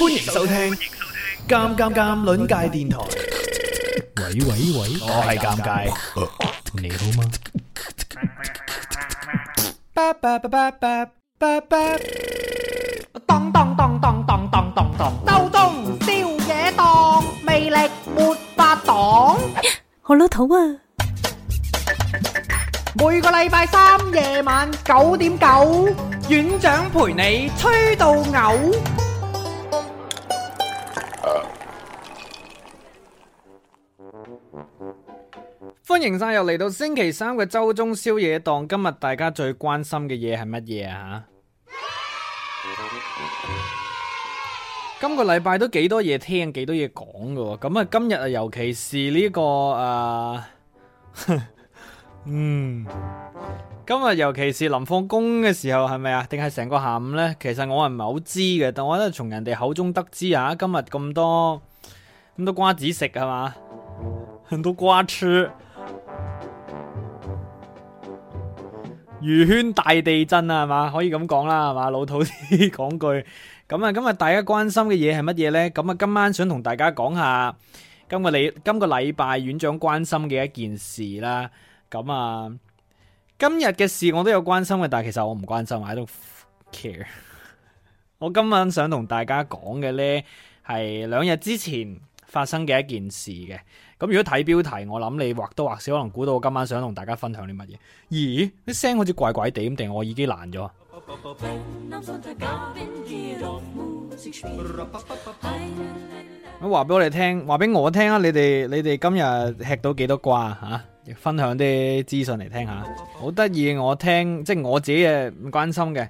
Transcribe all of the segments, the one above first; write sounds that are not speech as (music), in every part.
歡迎收聽《尷尷尷》鄰界電台。喂喂喂，我係尷尬。你好嗎？當當當當當當當當當，燒嘢檔，魅力沒法擋。我老土啊！每個禮拜三夜晚九點九，院長陪你吹到嘔。歡迎晒又嚟到星期三嘅周中宵夜檔，今日大家最關心嘅嘢係乜嘢啊？今個禮拜都幾多嘢聽，幾多嘢講㗎，咁啊今日啊，尤其是呢、這個誒、啊，嗯，今日尤其是臨放工嘅時候係咪啊？定係成個下午呢？其實我係唔係好知嘅，但我都係從人哋口中得知啊。今日咁多咁多瓜子食係嘛，很多瓜子。娛圈大地震啊，係嘛？可以咁講啦，係嘛？老土啲講句，咁啊，今日大家關心嘅嘢係乜嘢呢？咁啊，今晚想同大家講下今個禮，今個禮拜院長關心嘅一件事啦。咁啊，今日嘅事我都有關心嘅，但係其實我唔關心啊，都 care。我今晚想同大家講嘅呢，係兩日之前發生嘅一件事嘅。咁如果睇標題，我諗你或多或少可能估到我今晚想同大家分享啲乜嘢？咦，啲聲好似怪怪地咁，定我耳機爛咗？話俾我哋聽話俾我聽啊！你哋你哋今日吃到幾多瓜啊？吓，分享啲資訊嚟聽下。好得意，我聽即係我自己嘅唔關心嘅。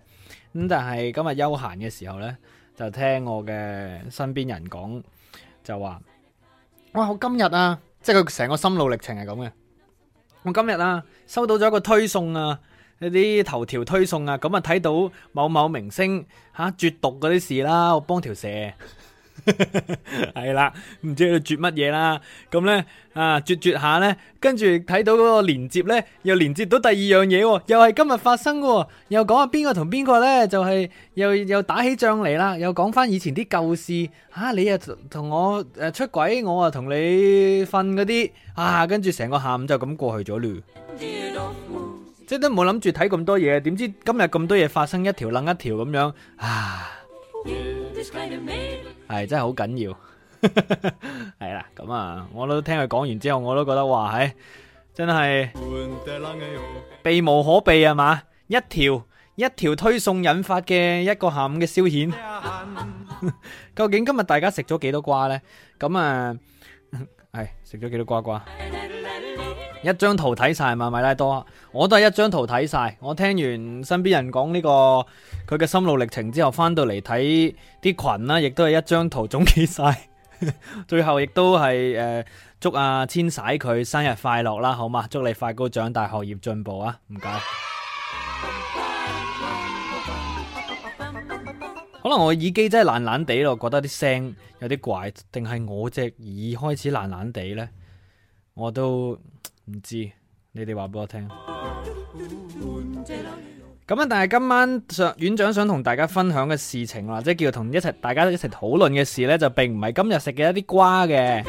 咁但係今日休閒嘅時候咧，就聽我嘅身邊人講，就話。哇！我今日啊，即係佢成個心路歷程係咁嘅。我今日啊，收到咗一個推送啊，一啲頭條推送啊，咁啊睇到某某明星嚇、啊、絕毒嗰啲事啦，我幫條蛇。係啦，唔知喺度絕乜嘢啦，咁咧啊，絕絕下咧，跟住睇到嗰個連接咧，又連接到第二樣嘢，又係今日發生嘅，又講下邊個同邊個咧，就係又又打起仗嚟啦，又講翻以前啲舊事，吓你又同我誒出軌，我啊同你瞓嗰啲啊，跟住成個下午就咁過去咗咯，即係都冇諗住睇咁多嘢，點知今日咁多嘢發生，一條冷一條咁樣啊。係真係好緊要，係啦，咁啊，我都聽佢講完之後，我都覺得哇，唉真係避無可避啊嘛，一條一條推送引發嘅一個下午嘅消遣，究竟今日大家食咗幾多瓜呢？咁啊，係食咗幾多瓜瓜？一張圖睇晒嘛，米拉多，我都係一張圖睇晒。我聽完身邊人講呢、這個佢嘅心路歷程之後，翻到嚟睇啲群啦，亦都係一張圖總結晒。 (laughs) 最後亦都係誒，祝阿、啊、千洗佢生日快樂啦，好嘛？祝你快高長大，學業進步啊！唔該。 (noise) 可能我耳機真係爛爛地咯，我覺得啲聲有啲怪，定係我隻耳開始爛爛地呢？我都。唔知，你哋話俾我聽。咁啊，但係今晚上院長想同大家分享嘅事情，或者叫同一齊大家一齊討論嘅事呢，就並唔係今日食嘅一啲瓜嘅，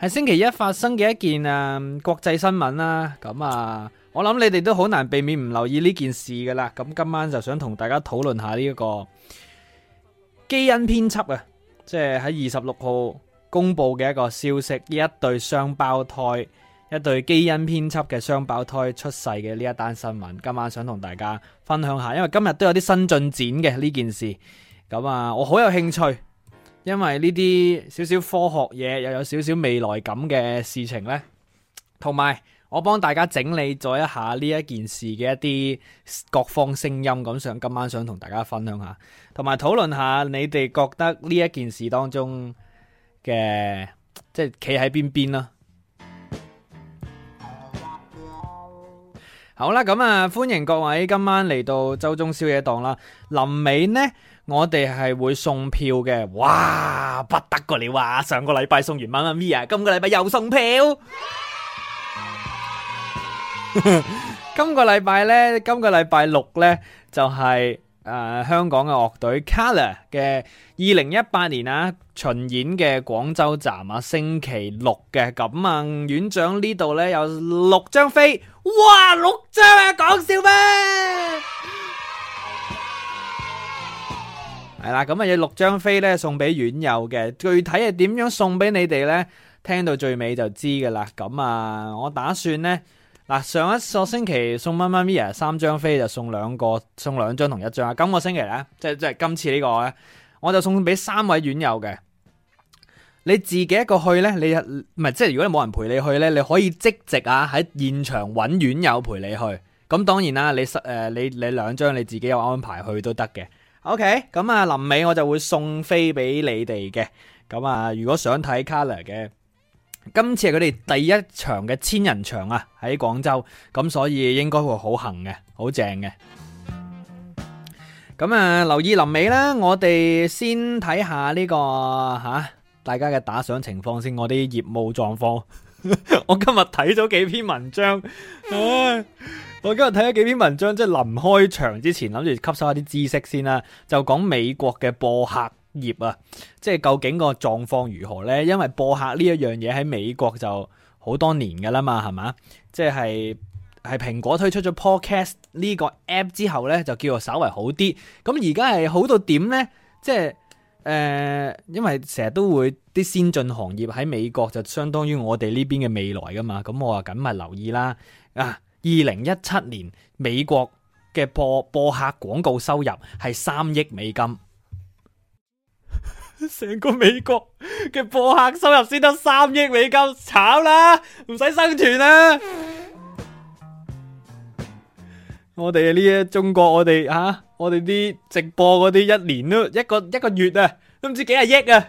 係星期一發生嘅一件啊國際新聞啦。咁啊，我諗你哋都好難避免唔留意呢件事噶啦。咁今晚就想同大家討論下呢一個基因編輯啊，即係喺二十六號公布嘅一個消息，呢一對雙胞胎。一對基因編輯嘅雙胞胎出世嘅呢一單新聞，今晚想同大家分享下，因為今日都有啲新進展嘅呢件事，啊，咁啊我好有興趣，因為呢啲少少科學嘢又有少少未來感嘅事情呢。同埋我幫大家整理咗一下呢一件事嘅一啲各方聲音咁，想今晚想同大家分享下，同埋討論下你哋覺得呢一件事當中嘅即係企喺邊邊啦。好啦，咁啊，歡迎各位今晚嚟到周中宵夜檔啦。臨尾呢，我哋係會送票嘅。哇，不得了啊！上個禮拜送完《Mamma Mia》，今個禮拜又送票。今個禮拜呢，今個禮拜六呢就係誒香港嘅樂隊 Kolor 嘅二零一八年啊巡演嘅廣州站啊，星期六嘅。咁啊，院長呢度呢有六張飛。哇，六張啊！講笑咩？係啦，咁啊，有六張飛咧送俾院友嘅，具體係點樣送俾你哋咧？聽到最尾就知噶啦。咁啊，我打算咧，嗱，上一個星期送媽媽咪啊三張飛就送兩個，送兩張同一張啊。今個星期咧，即係即係今次呢個咧，我就送俾三位院友嘅。你自己一個去呢？你唔係即係如果你冇人陪你去呢，你可以即席啊喺現場搵院友陪你去。咁當然啦，你、呃、你，你兩誒你你兩張你自己有安排去都得嘅。OK，咁啊臨尾我就會送飛俾你哋嘅。咁啊，如果想睇 Kolor 嘅，今次係佢哋第一場嘅千人場啊，喺廣州，咁所以應該會好行嘅，好正嘅。咁啊，留意臨尾啦，我哋先睇下呢、呢個吓。大家嘅打賞情況先，我啲業務狀況。 (laughs) 我今日睇咗幾篇文章，唉，我今日睇咗幾篇文章，即係臨開場之前諗住吸收一啲知識先啦。就講美國嘅播客業啊，即係究竟個狀況如何呢？因為播客呢一樣嘢喺美國就好多年㗎喇嘛，係嘛？即係係蘋果推出咗 Podcast 呢個 app 之後呢，就叫做稍為好啲。咁而家係好到點呢？即係。誒、嗯，因為成日都會啲先進行業喺美國就相當於我哋呢邊嘅未來噶嘛，咁我啊緊密留意啦。啊，二零一七年美國嘅播播客廣告收入係三億美金，成 (laughs) 個美國嘅播客收入先得三億美金，炒啦，唔使生存啦。 (noise) 我哋呢啲中國我們，我哋吓。我哋啲直播嗰啲一年都一個一個月啊，都唔知幾廿億啊，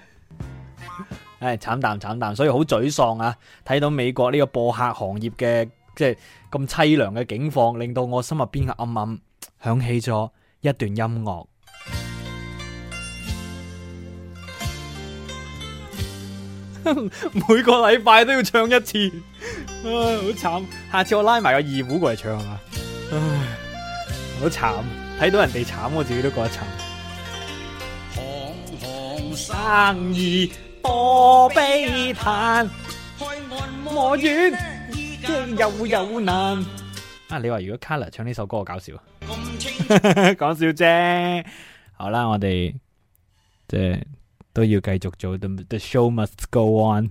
哎，唉慘淡慘淡，所以好沮喪啊！睇到美國呢個播客行業嘅即係咁淒涼嘅境況，令到我心入邊暗暗響起咗一段音樂。每個禮拜都要唱一次，唉好慘！下次我拉埋個二胡過嚟唱啊，唉好慘。睇到人哋慘，我自己都覺得慘。行行生意多悲嘆，開按摩院，即係又有又難。啊，你話如果 Kolor 唱呢首歌，我搞笑？啊，講笑啫。好啦，我哋即係都要繼續做 The show must go on。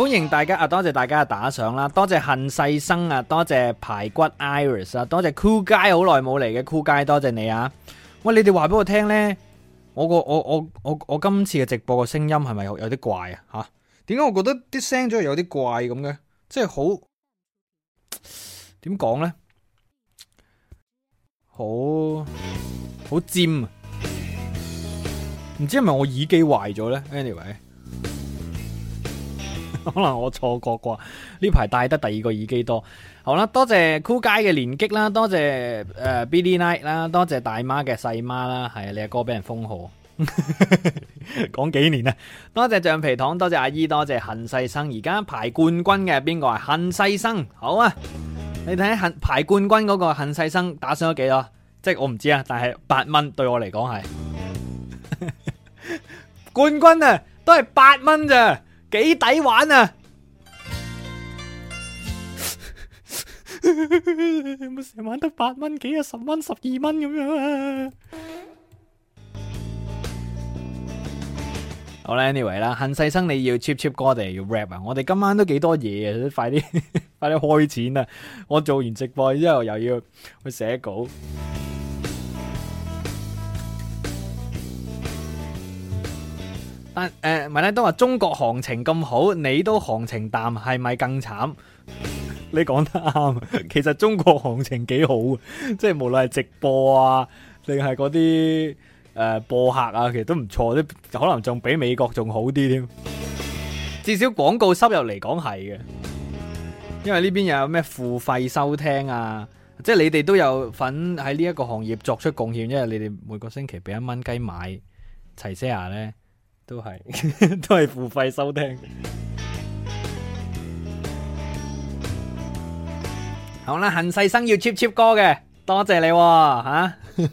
歡迎大家啊！多謝大家嘅打賞啦，多謝恨世生啊，多謝排骨 Iris 啊，多謝 Cool Guy 好耐冇嚟嘅 Cool Guy，Cool Guy，多謝你啊！喂，你哋話俾我聽呢？我個我我我我今次嘅直播個聲音係咪有有啲怪啊？吓、啊，點解我覺得啲聲係有啲怪咁嘅？即係好點講呢？好好尖啊！唔知係咪我耳機壞咗呢 Anyway。 (laughs) 可能我錯過啩，呢排戴得第二個耳機多好啦！多謝酷街嘅連擊啦，多謝誒 Billy Knight 啦，多謝大媽嘅細媽啦，係你阿哥俾人封號，講 (laughs) 幾年啊？多謝橡皮糖，多謝阿姨，多謝恨世生。而家排冠軍嘅邊個啊？恨世生，好啊！你睇下恨排冠軍嗰個恨世生打上咗幾多？即係我唔知啊，但係八蚊對我嚟講係冠軍啊，都係八蚊咋？幾抵玩啊！有冇 (laughs) 成晚得八蚊幾啊，十蚊、十二蚊咁樣啊！ (music) 好啦，anyway 啦，恨世生你要 cheap cheap 歌，哋要 rap 啊！我哋今晚都幾多嘢啊，快啲 (laughs) 快啲開錢啊！我做完直播之後又要去寫稿。但誒、欸，米拉都話中國行情咁好，你都行情淡，係咪更慘？ (laughs) 你講得啱，其實中國行情幾好，即係無論係直播啊，定係嗰啲誒播客啊，其實都唔錯，啲可能仲比美國仲好啲添。至少廣告收入嚟講係嘅，因為呢邊又有咩付費收聽啊，即係你哋都有份喺呢一個行業作出貢獻，因為你哋每個星期俾一蚊雞買齊些牙咧。都係都係付費收聽好了。好啦，恨世生要 cheap cheap 歌嘅，多謝你吓、哦。啊、 (laughs)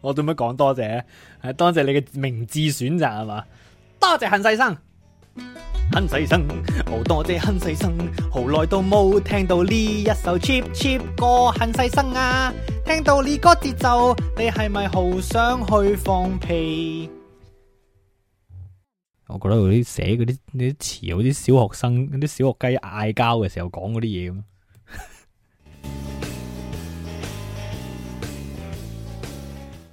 我做乜講多謝？係多謝你嘅明智選擇係嘛？多謝恨世生，恨世生，好多謝恨世生，好耐都冇聽到呢一首 cheap cheap 歌，恨世生啊！聽到呢個節奏，你係咪好想去放屁？我覺得佢啲寫嗰啲啲詞，好似小學生嗰啲小學雞嗌交嘅時候講嗰啲嘢咁。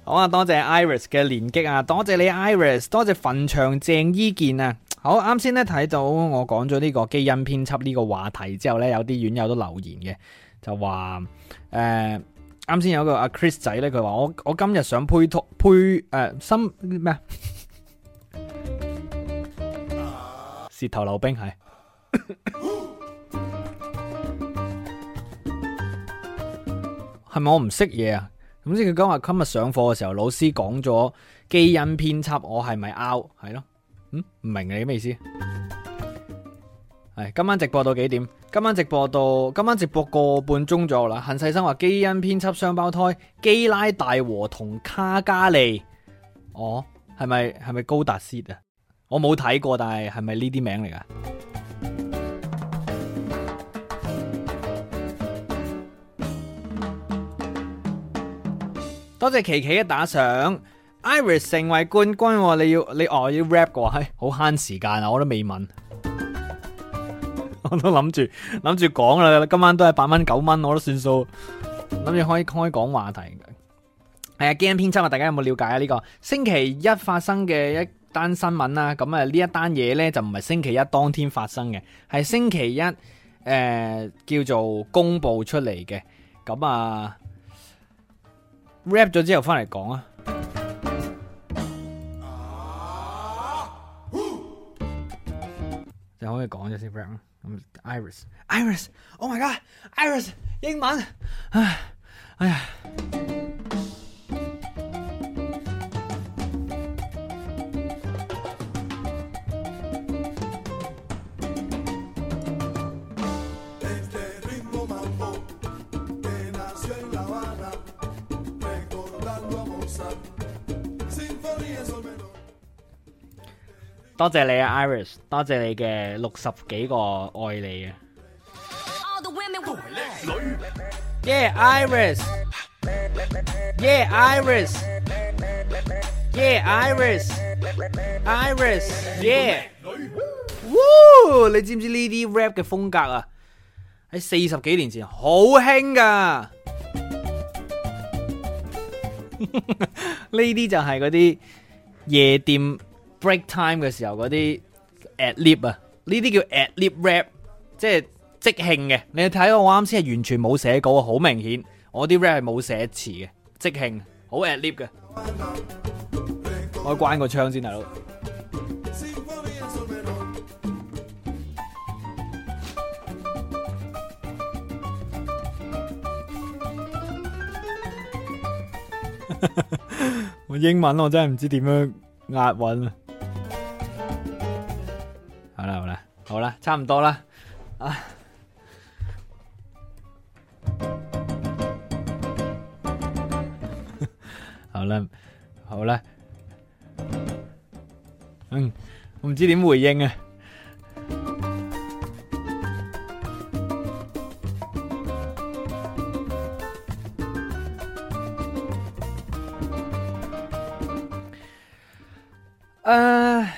(laughs) 好啊，多謝 Iris 嘅連擊啊，多謝你 Iris，多謝墳場鄭伊健啊。好，啱先咧睇到我講咗呢個基因編輯呢個話題之後咧，有啲院友都留言嘅，就話，誒，啱、呃、先有個阿 Chris 仔咧，佢話我我今日想配……配胎胚誒，心咩啊？ (laughs) 舌頭溜冰係，係咪 (laughs) 我唔識嘢啊？咁先佢講話，今日上課嘅時候，老師講咗基因編輯，我係咪 out？係咯，嗯，唔明你咩意思？係今晚直播到幾點？今晚直播到今晚直播個半鐘左右啦。恨世生話基因編輯雙胞胎基拉大和同卡加利，哦，係咪係咪高達 SEED 啊？我冇睇過，但係係咪呢啲名嚟噶？多謝琪琪嘅打賞，Iris 成為冠軍，哦，你要你哦要 rap 嘅、哦、話、哎，好慳時間啊！我都未問， (laughs) 我都諗住諗住講啦，今晚都係八蚊九蚊，我都算數。諗住開開講話題，係、哎、啊，基因編輯啊！大家有冇了解啊？呢、這個星期一發生嘅一。單新聞啦，咁啊呢一單嘢咧就唔係星期一當天發生嘅，係星期一誒、呃、叫做公布出嚟嘅，咁啊 rap 咗之後翻嚟講啊，uh-huh. 就可以講咗先 rap 咁 Iris，Iris，Oh my God，Iris，英文，唉，哎呀。多謝你啊，Iris，多謝你嘅六十幾個愛你啊！Yeah，Iris，Yeah，Iris，Yeah，Iris，Iris，Yeah，哇！你知唔知呢啲 rap 嘅風格啊？喺四十幾年前好興噶呢啲就係嗰啲夜店，break time 嘅時候嗰啲 ad lib 啊，呢啲叫 ad lib rap，即係即興嘅。你睇我啱先係完全冇寫稿，好明顯，我啲 rap 係冇寫詞嘅，即興，好 ad lib 嘅。我關個窗先，大佬。 (music) (music) 我英文我真係唔知點樣押韻啊！好啦，好啦，差唔多啦，啊，好啦，好啦，嗯，我唔知點回應啊，誒，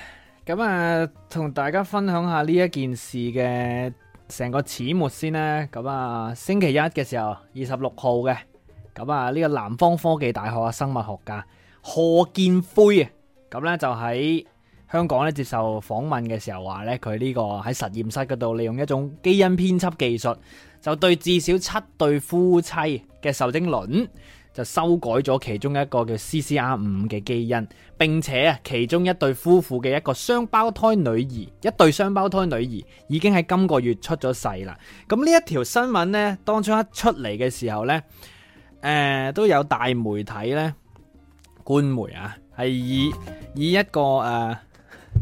咁啊。同大家分享下呢一件事嘅成個始末先咧。咁啊，星期一嘅時候，二十六號嘅，咁啊，呢個南方科技大學嘅生物學家賀建輝啊，咁呢，就喺香港咧接受訪問嘅時候話呢，佢呢個喺實驗室嗰度利用一種基因編輯技術，就對至少七對夫妻嘅受精卵。就修改咗其中一個叫 CCR 五嘅基因，並且啊，其中一對夫婦嘅一個雙胞胎女兒，一對雙胞胎女兒已經喺今個月出咗世啦。咁呢一條新聞呢，當初一出嚟嘅時候呢，誒、呃、都有大媒體呢官媒啊，係以以一個誒，即、呃、係、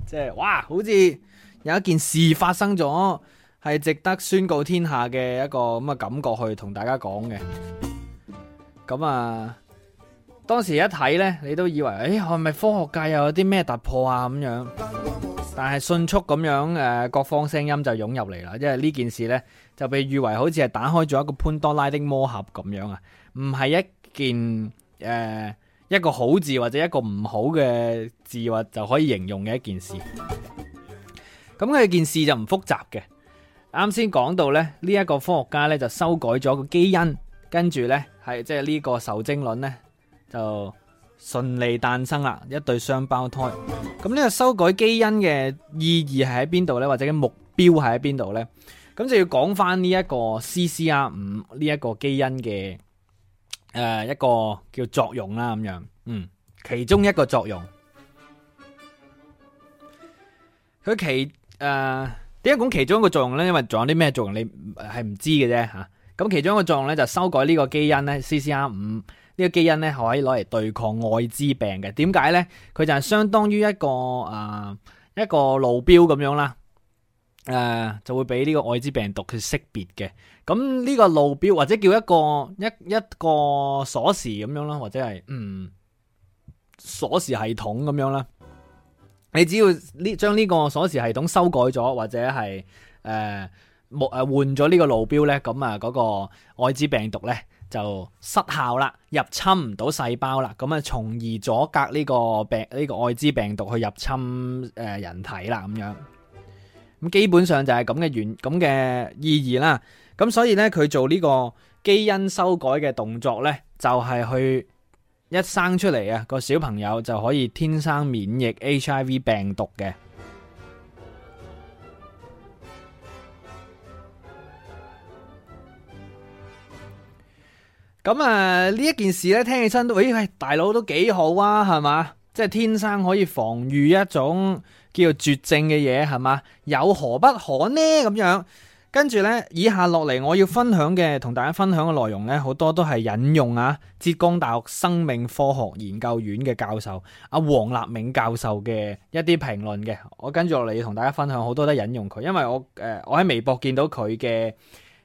就是、哇，好似有一件事發生咗，係值得宣告天下嘅一個咁嘅感覺去同大家講嘅。咁啊，當時一睇咧，你都以為誒，係咪科學界又有啲咩突破啊？咁樣，但係迅速咁樣誒，各方聲音就湧入嚟啦，因為呢件事咧就被譽為好似係打開咗一個潘多拉的魔盒咁樣啊，唔係一件誒一個好字或者一個唔好嘅字或就可以形容嘅一件事。咁呢件事就唔複雜嘅，啱先講到咧，呢一個科學家咧就修改咗個基因，跟住咧。係即係呢個受精卵呢，就順利誕生啦，一對雙胞胎。咁呢個修改基因嘅意義係喺邊度呢？或者目標係喺邊度呢？咁就要講翻呢一個 CCR 五呢一個基因嘅誒、呃、一個叫作用啦，咁樣，嗯，其中一個作用，佢其誒點解講其中一個作用呢？因為仲有啲咩作用你係唔知嘅啫吓。咁其中一個作用咧，就係、修改呢個基因咧，CCR 五呢 CCR5, 個基因咧，可以攞嚟對抗艾滋病嘅。點解咧？佢就係相當於一個誒、呃、一個路標咁樣啦，誒、呃、就會俾呢個艾滋病毒去識別嘅。咁呢個路標或者叫一個一一個鎖匙咁樣啦，或者係嗯鎖匙系統咁樣啦。你只要呢將呢個鎖匙系統修改咗，或者係誒。呃木誒換咗呢個路標呢，咁啊嗰個艾滋病毒呢就失效啦，入侵唔到細胞啦，咁啊從而阻隔呢個病呢，呢個艾滋病毒去入侵誒人體啦，咁樣咁基本上就係咁嘅原咁嘅意義啦。咁所以呢，佢做呢個基因修改嘅動作呢，就係去一生出嚟啊，個小朋友就可以天生免疫 HIV 病毒嘅。咁啊，呢一件事咧，聽起身都，喂、哎、大佬都幾好啊，係嘛，即係天生可以防禦一種叫做絕症嘅嘢，係嘛，有何不可呢？咁樣，跟住咧，以下落嚟我要分享嘅，同大家分享嘅內容咧，好多都係引用啊，浙江大學生命科學研究院嘅教授阿黃、啊、立明立銘教授嘅一啲評論嘅，我跟住落嚟要同大家分享，好多都引用佢，因為我，誒、呃，我喺微博見到佢嘅，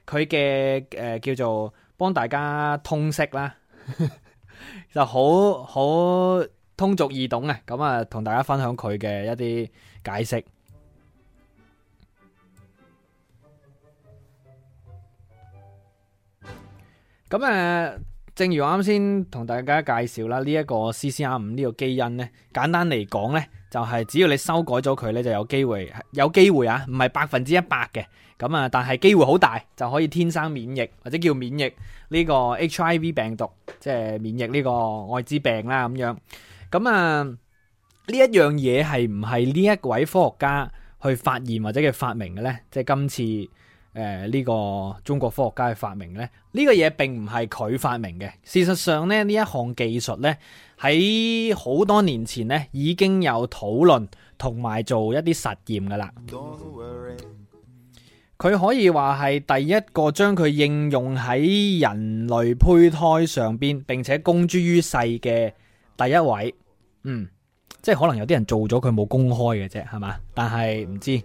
佢嘅，誒、呃，叫做。幫大家通識啦，就好好通俗易懂嘅，咁啊同大家分享佢嘅一啲解釋。咁誒。正如我啱先同大家介紹啦，呢一個 CCR 五呢個基因呢，簡單嚟講呢，就係只要你修改咗佢呢，就有機會，有機會啊，唔係百分之一百嘅，咁啊，但係機會好大，就可以天生免疫或者叫免疫呢個 HIV 病毒，即係免疫呢個艾滋病啦咁樣。咁啊，呢一樣嘢係唔係呢一位科學家去發現或者佢發明嘅呢？即係今次。誒、呃，呢、這個中國科學家嘅發明呢，呢、這個嘢並唔係佢發明嘅。事實上呢，呢一項技術呢，喺好多年前呢已經有討論同埋做一啲實驗噶啦。佢可以話係第一個將佢應用喺人類胚胎上邊，並且公諸於世嘅第一位。嗯，即係可能有啲人做咗佢冇公開嘅啫，係嘛？但係唔知。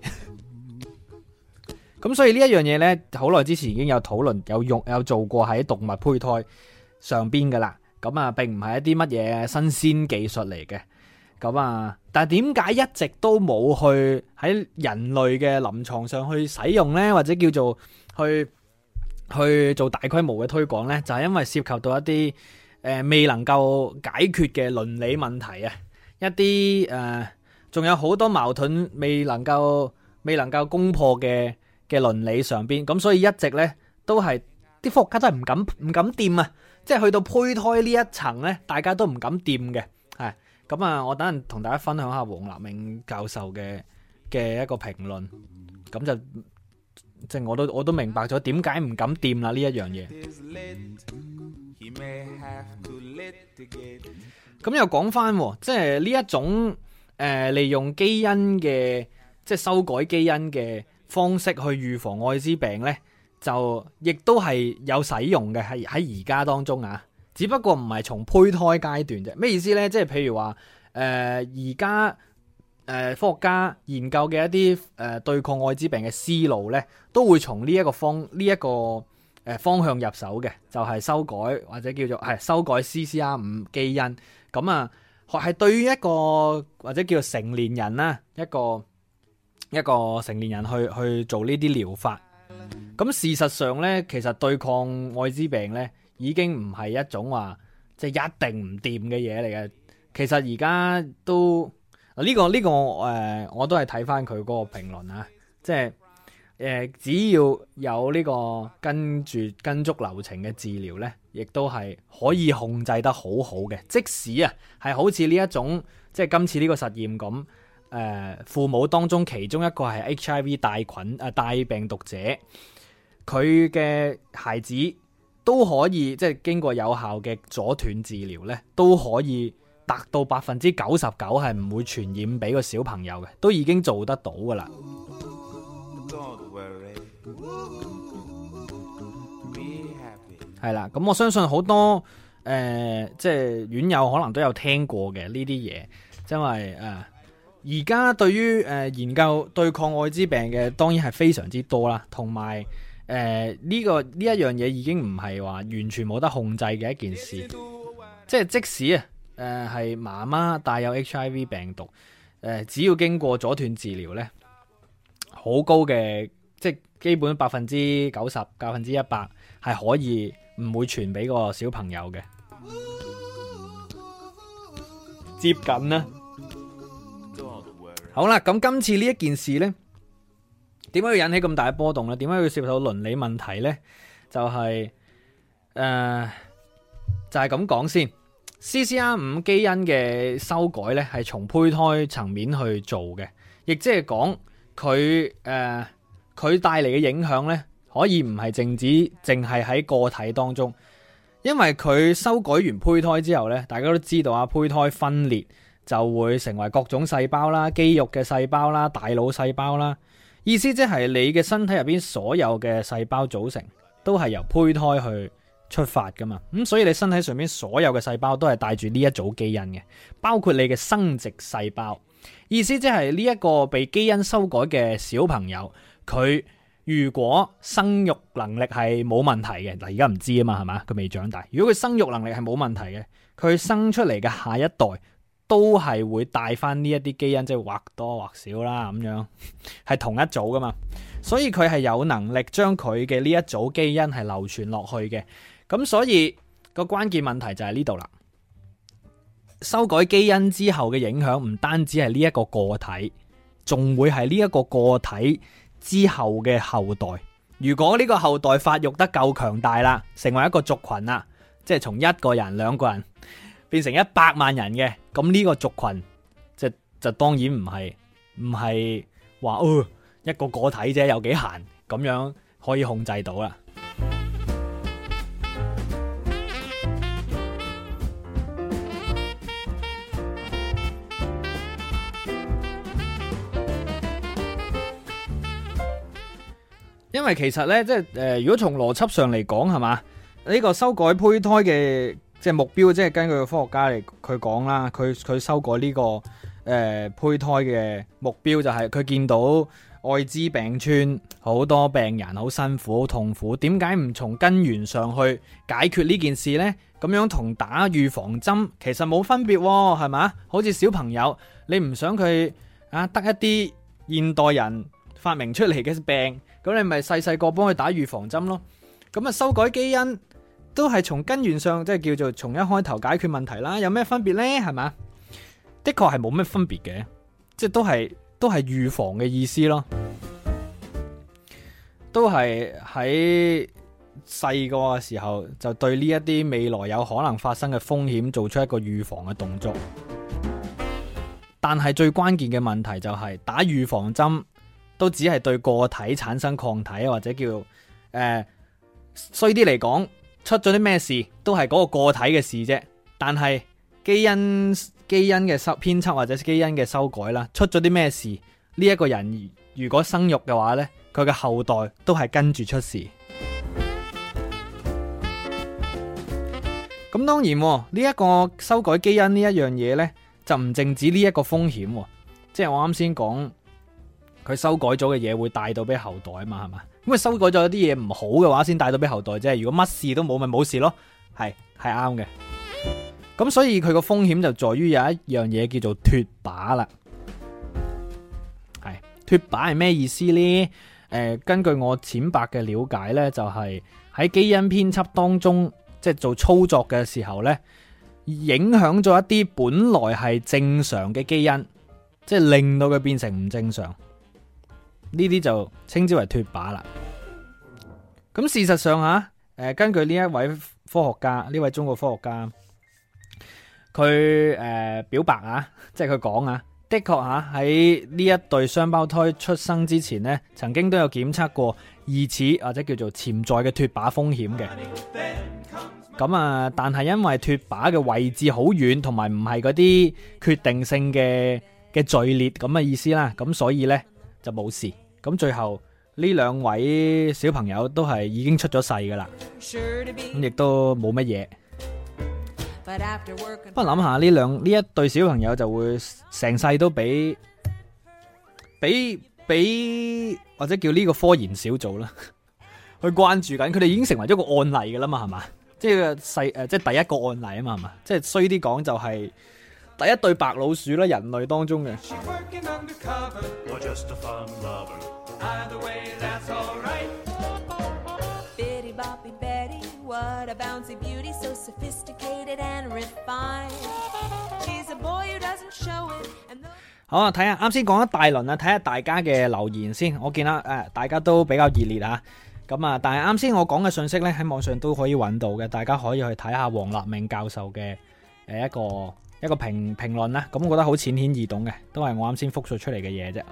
咁所以呢一樣嘢呢，好耐之前已經有討論、有用、有做過喺動物胚胎上邊噶啦。咁啊，並唔係一啲乜嘢新鮮技術嚟嘅。咁啊，但係點解一直都冇去喺人類嘅臨床上去使用呢？或者叫做去去做大規模嘅推廣呢？就係因為涉及到一啲誒未能夠解決嘅倫理問題啊，一啲誒仲有好多矛盾未能夠未能夠攻破嘅。嘅倫理上邊，咁所以一直咧都係啲科學家真係唔敢唔敢掂啊！即係去到胚胎呢一層咧，大家都唔敢掂嘅。係咁啊，我等陣同大家分享下黃立明教授嘅嘅一個評論，咁就即係我都我都明白咗點解唔敢掂啦呢一樣嘢。咁又講翻，即係呢一種誒利用基因嘅，即係修改基因嘅。方式去預防艾滋病呢，就亦都係有使用嘅，喺喺而家當中啊。只不過唔係從胚胎階段啫。咩意思呢？即係譬如話，誒而家誒科學家研究嘅一啲誒、呃、對抗艾滋病嘅思路呢，都會從呢一個方呢一、這個誒方向入手嘅，就係、是、修改或者叫做係修改 CCR 五基因。咁啊，係對於一個或者叫做成年人啦一個。一個成年人去去做呢啲療法，咁事實上呢，其實對抗艾滋病呢已經唔係一種話、啊、即係一定唔掂嘅嘢嚟嘅。其實而家都呢、呢個呢、呢個誒、呃，我都係睇翻佢嗰個評論啊，即係誒、呃，只要有呢個跟住跟足流程嘅治療呢，亦都係可以控制得很好好嘅。即使啊，係好似呢一種即係今次呢個實驗咁。誒，父母當中其中一個係 HIV 帶菌，誒帶病毒者，佢嘅孩子都可以即係經過有效嘅阻斷治療咧，都可以達到百分之九十九係唔會傳染俾個小朋友嘅，都已經做得到噶啦。Be happy。係啦，咁我相信好多誒即係院友可能都有聽過嘅呢啲嘢，因為誒。呃而家對於誒、呃、研究對抗艾滋病嘅，當然係非常之多啦。同埋誒呢個呢一樣嘢已經唔係話完全冇得控制嘅一件事，即係即使啊誒係媽媽帶有 HIV 病毒，誒、呃、只要經過阻斷治療咧，好高嘅即係基本百分之九十、百分之一百係可以唔會傳俾個小朋友嘅，接近啦。好啦，咁今次呢一件事呢，點解會引起咁大嘅波動呢？點解會涉及到倫理問題呢？就係、是、誒、呃，就係咁講先。CCR 五基因嘅修改呢，係從胚胎層面去做嘅，亦即係講佢誒，佢帶嚟嘅影響呢，可以唔係淨止淨係喺個體當中，因為佢修改完胚胎之後呢，大家都知道啊，胚胎分裂。就會成為各種細胞啦、肌肉嘅細胞啦、大腦細胞啦。意思即係你嘅身體入邊所有嘅細胞組成都係由胚胎去出發噶嘛。咁所以你身體上面所有嘅細胞都係帶住呢一組基因嘅，包括你嘅生殖細胞。意思即係呢一個被基因修改嘅小朋友，佢如果生育能力係冇問題嘅嗱，而家唔知啊嘛，係咪？佢未長大。如果佢生育能力係冇問題嘅，佢生出嚟嘅下一代。都係會帶翻呢一啲基因，即係或多或少啦，咁樣係同一組噶嘛，所以佢係有能力將佢嘅呢一組基因係流傳落去嘅。咁所以個關鍵問題就係呢度啦。修改基因之後嘅影響唔單止係呢一個個體，仲會係呢一個個體之後嘅後代。如果呢個後代發育得夠強大啦，成為一個族群啦，即係從一個人、兩個人。變成一百萬人嘅，咁呢個族群，即係就當然唔係唔係話哦一個個體啫，有幾閒咁樣可以控制到啦。因為其實呢，即係誒，如果從邏輯上嚟講，係嘛呢個修改胚胎嘅？即係目標，即係根據科學家嚟佢講啦，佢佢修改呢個誒胚胎嘅目標就係佢見到愛滋病村好多病人好辛苦、好痛苦，點解唔從根源上去解決呢件事呢？咁樣同打預防針其實冇分別喎，係嘛？好似小朋友，你唔想佢啊得一啲現代人發明出嚟嘅病，咁你咪細細個幫佢打預防針咯。咁啊，修改基因。都係從根源上，即係叫做從一開頭解決問題啦，有咩分別呢？係嘛？的確係冇咩分別嘅，即係都係都係預防嘅意思咯。都係喺細個嘅時候就對呢一啲未來有可能發生嘅風險做出一個預防嘅動作。但係最關鍵嘅問題就係打預防針都只係對個體產生抗體，或者叫誒、呃、衰啲嚟講。出咗啲咩事都係嗰個個體嘅事啫，但係基因基因嘅修編輯或者基因嘅修改啦，出咗啲咩事呢，一個人如果生育嘅話呢，佢嘅後代都係跟住出事。咁 (music) 當然呢一個修改基因呢一樣嘢呢，就唔淨止呢一個風險，即係我啱先講佢修改咗嘅嘢會帶到俾後代啊嘛，係嘛？咁啊，修改咗一啲嘢唔好嘅話，先帶到俾後代啫。如果乜事都冇，咪冇事咯。係，係啱嘅。咁所以佢個風險就在於有一樣嘢叫做脫靶啦。係脫靶係咩意思呢？誒，呃，根據我淺白嘅了解呢，就係喺基因編輯當中，即係做操作嘅時候呢，影響咗一啲本來係正常嘅基因，即係令到佢變成唔正常。呢啲就稱之為脫靶啦。咁事實上吓，誒，根據呢一位科學家，呢位中國科學家，佢誒、呃、表白啊，即係佢講啊，的確吓喺呢一對雙胞胎出生之前咧，曾經都有檢測過疑似或者叫做潛在嘅脫靶風險嘅。咁啊，但係因為脫靶嘅位置好遠，同埋唔係嗰啲決定性嘅嘅序列咁嘅意思啦，咁所以呢。就冇事，咁最後呢兩位小朋友都係已經出咗世噶啦，咁亦都冇乜嘢。不過諗下呢兩呢一對小朋友就會成世都俾俾俾，或者叫呢個科研小組啦， (laughs) 去關注緊。佢哋已經成為咗個案例噶啦嘛，係嘛？即係細誒，即係第一個案例啊嘛，係嘛？即係衰啲講就係、是第一對白老鼠啦，人類當中嘅。好啊，睇下啱先講一大輪啦，睇下大家嘅留言先。我見啊，誒大家都比較熱烈啊，咁啊，但係啱先我講嘅信息咧，喺網上都可以揾到嘅，大家可以去睇下黃立明教授嘅誒一個。一個評評論啦，咁我覺得好淺顯易懂嘅，都係我啱先複述出嚟嘅嘢啫。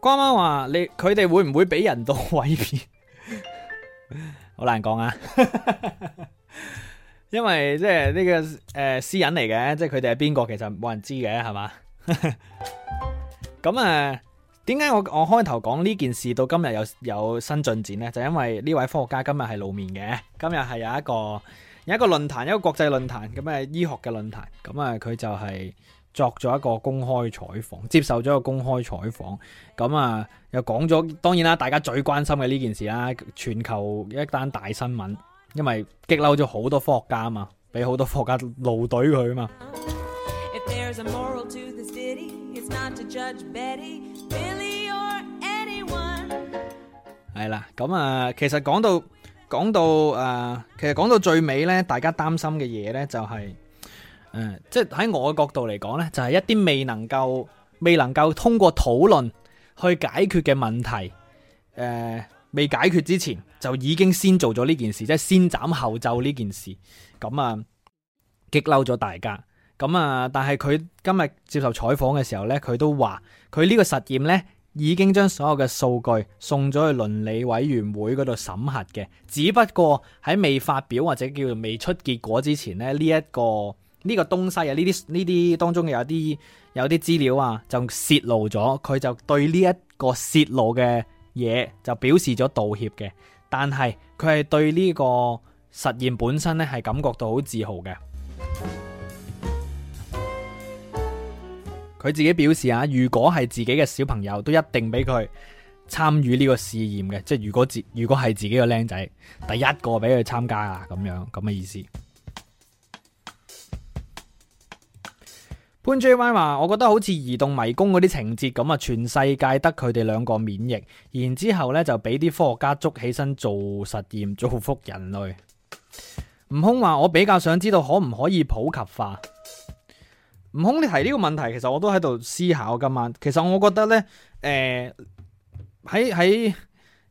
瓜媽話你佢哋會唔會俾人當鬼片？好、嗯、 (laughs) 難講說啊， (laughs) 因為即係呢個誒私隱嚟嘅，即係佢哋係邊個、呃的，其實冇人知嘅，係嘛？咁 (laughs) 啊。呃點解我我開頭講呢件事到今日有有新進展呢？就是因為呢位科學家今日係露面嘅，今日係有一個有一個論壇，一個國際論壇咁嘅醫學嘅論壇，咁啊佢就係作咗一個公開採訪，接受咗一個公開採訪，咁啊又講咗，當然啦，大家最關心嘅呢件事啦，全球一單大新聞，因為激嬲咗好多科學家啊嘛，俾好多科學家怒懟佢啊嘛。係啦，咁啊，其實講到講到誒，其實講到最尾呢，大家擔心嘅嘢呢，就係誒，即係喺我角度嚟講呢，就係一啲未能夠未能夠通過討論去解決嘅問題，誒，未解決之前就已經先做咗呢件事，即係先斬後奏呢件事，咁啊激嬲咗大家，咁啊，但係佢今日接受採訪嘅時候呢，佢都話佢呢個實驗呢。已經將所有嘅數據送咗去倫理委員會嗰度審核嘅，只不過喺未發表或者叫做未出結果之前咧，呢一個呢個東西啊，呢啲呢啲當中有啲有啲資料啊，就泄露咗，佢就對呢一個泄露嘅嘢就表示咗道歉嘅，但係佢係對呢個實驗本身咧係感覺到好自豪嘅。佢自己表示啊，如果係自己嘅小朋友，都一定俾佢參與呢個試驗嘅，即係如果自如果係自己個僆仔，第一個俾佢參加啊，咁樣咁嘅意思。潘 J Y 話：，我覺得好似移動迷宮嗰啲情節咁啊，全世界得佢哋兩個免疫，然之後呢就俾啲科學家捉起身做實驗，造福人類。悟空話：，我比較想知道可唔可以普及化？悟空，你提呢個問題，其實我都喺度思考今晚。其實我覺得呢，誒，喺喺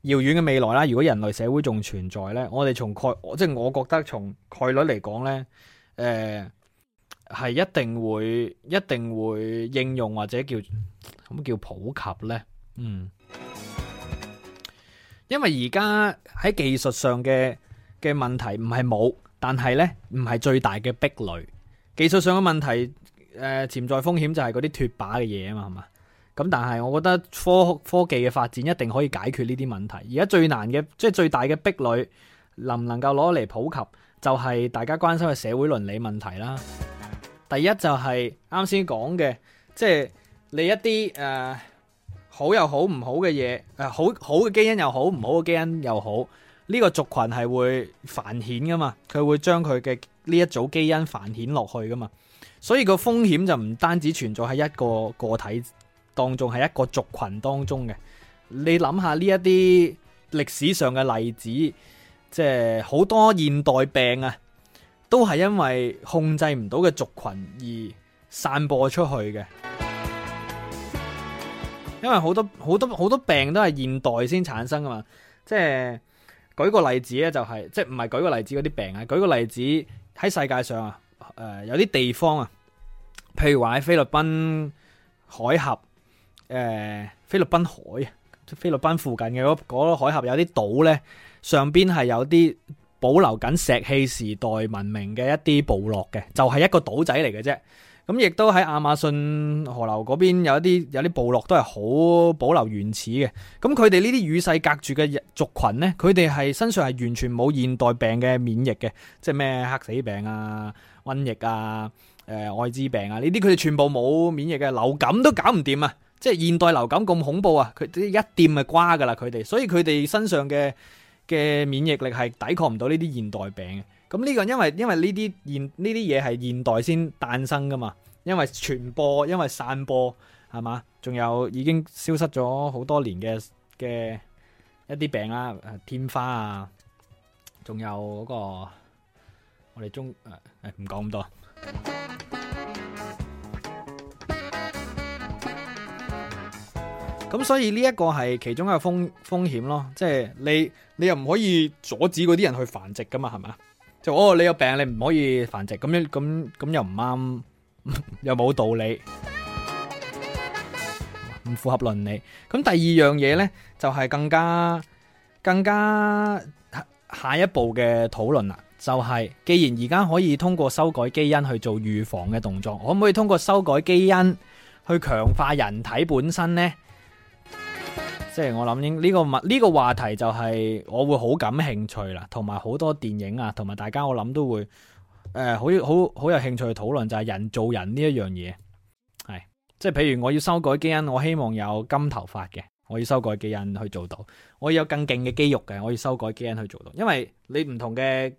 遙遠嘅未來啦，如果人類社會仲存在呢，我哋從概即係我覺得從概率嚟講呢，誒、呃、係一定會一定會應用，或者叫咁叫普及呢。嗯，因為而家喺技術上嘅嘅問題唔係冇，但係呢，唔係最大嘅壁壘。技術上嘅問題。誒，潛在風險就係嗰啲脫靶嘅嘢啊嘛，係嘛？咁但係我覺得科科技嘅發展一定可以解決呢啲問題。而家最難嘅，即係最大嘅壁壘，能唔能夠攞嚟普及，就係大家關心嘅社會倫理問題啦。第一就係啱先講嘅，即係你一啲誒好又好唔好嘅嘢，誒好好嘅基因又好，唔好嘅基因又好，呢個族群係會繁衍噶嘛？佢會將佢嘅呢一組基因繁衍落去噶嘛？所以個風險就唔單止存在喺一個個體，當中係一個族群當中嘅。你諗下呢一啲歷史上嘅例子，即係好多現代病啊，都係因為控制唔到嘅族群而散播出去嘅。因為好多好多好多病都係現代先產生噶嘛。即係舉個例子咧，就係即係唔係舉個例子嗰啲病啊，舉個例子喺、就是就是、世界上啊。誒、呃、有啲地方啊，譬如話喺菲律賓海峽，呃、菲律賓海啊，菲律賓附近嘅嗰個海峽有啲島咧，上邊係有啲保留緊石器時代文明嘅一啲部落嘅，就係、係、一個島仔嚟嘅啫。咁亦都喺亞馬遜河流嗰邊有一啲有啲部落都係好保留原始嘅。咁佢哋呢啲與世隔絕嘅族群呢，佢哋係身上係完全冇現代病嘅免疫嘅，即係咩黑死病啊、瘟疫啊、誒、呃、艾滋病啊呢啲佢哋全部冇免疫嘅，流感都搞唔掂啊！即係現代流感咁恐怖啊，佢一掂咪瓜㗎啦佢哋，所以佢哋身上嘅嘅免疫力係抵抗唔到呢啲現代病嘅。咁、這、呢個因為因為呢啲現呢啲嘢係現代先誕生噶嘛，因為傳播因為散播係嘛，仲有已經消失咗好多年嘅嘅一啲病啊，天花啊，仲有嗰、那個我哋中誒唔講咁多。咁所以呢一個係其中一個風風險咯，即係你你又唔可以阻止嗰啲人去繁殖噶嘛，係咪？哦，你有病，你唔可以繁殖，咁樣咁咁又唔啱，又冇道理，唔符合倫理。咁第二樣嘢呢，就係更加更加下一步嘅討論啦。就係既然而家可以通過修改基因去做預防嘅動作，可唔可以通過修改基因去強化人體本身呢？即係我諗應呢個物呢個話題就係我會好感興趣啦，同埋好多電影啊，同埋大家我諗都會誒好好好有興趣去討論，就係人做人呢一樣嘢，係即係譬如我要修改基因，我希望有金頭髮嘅，我要修改基因去做到，我要有更勁嘅肌肉嘅，我要修改基因去做到，因為你唔同嘅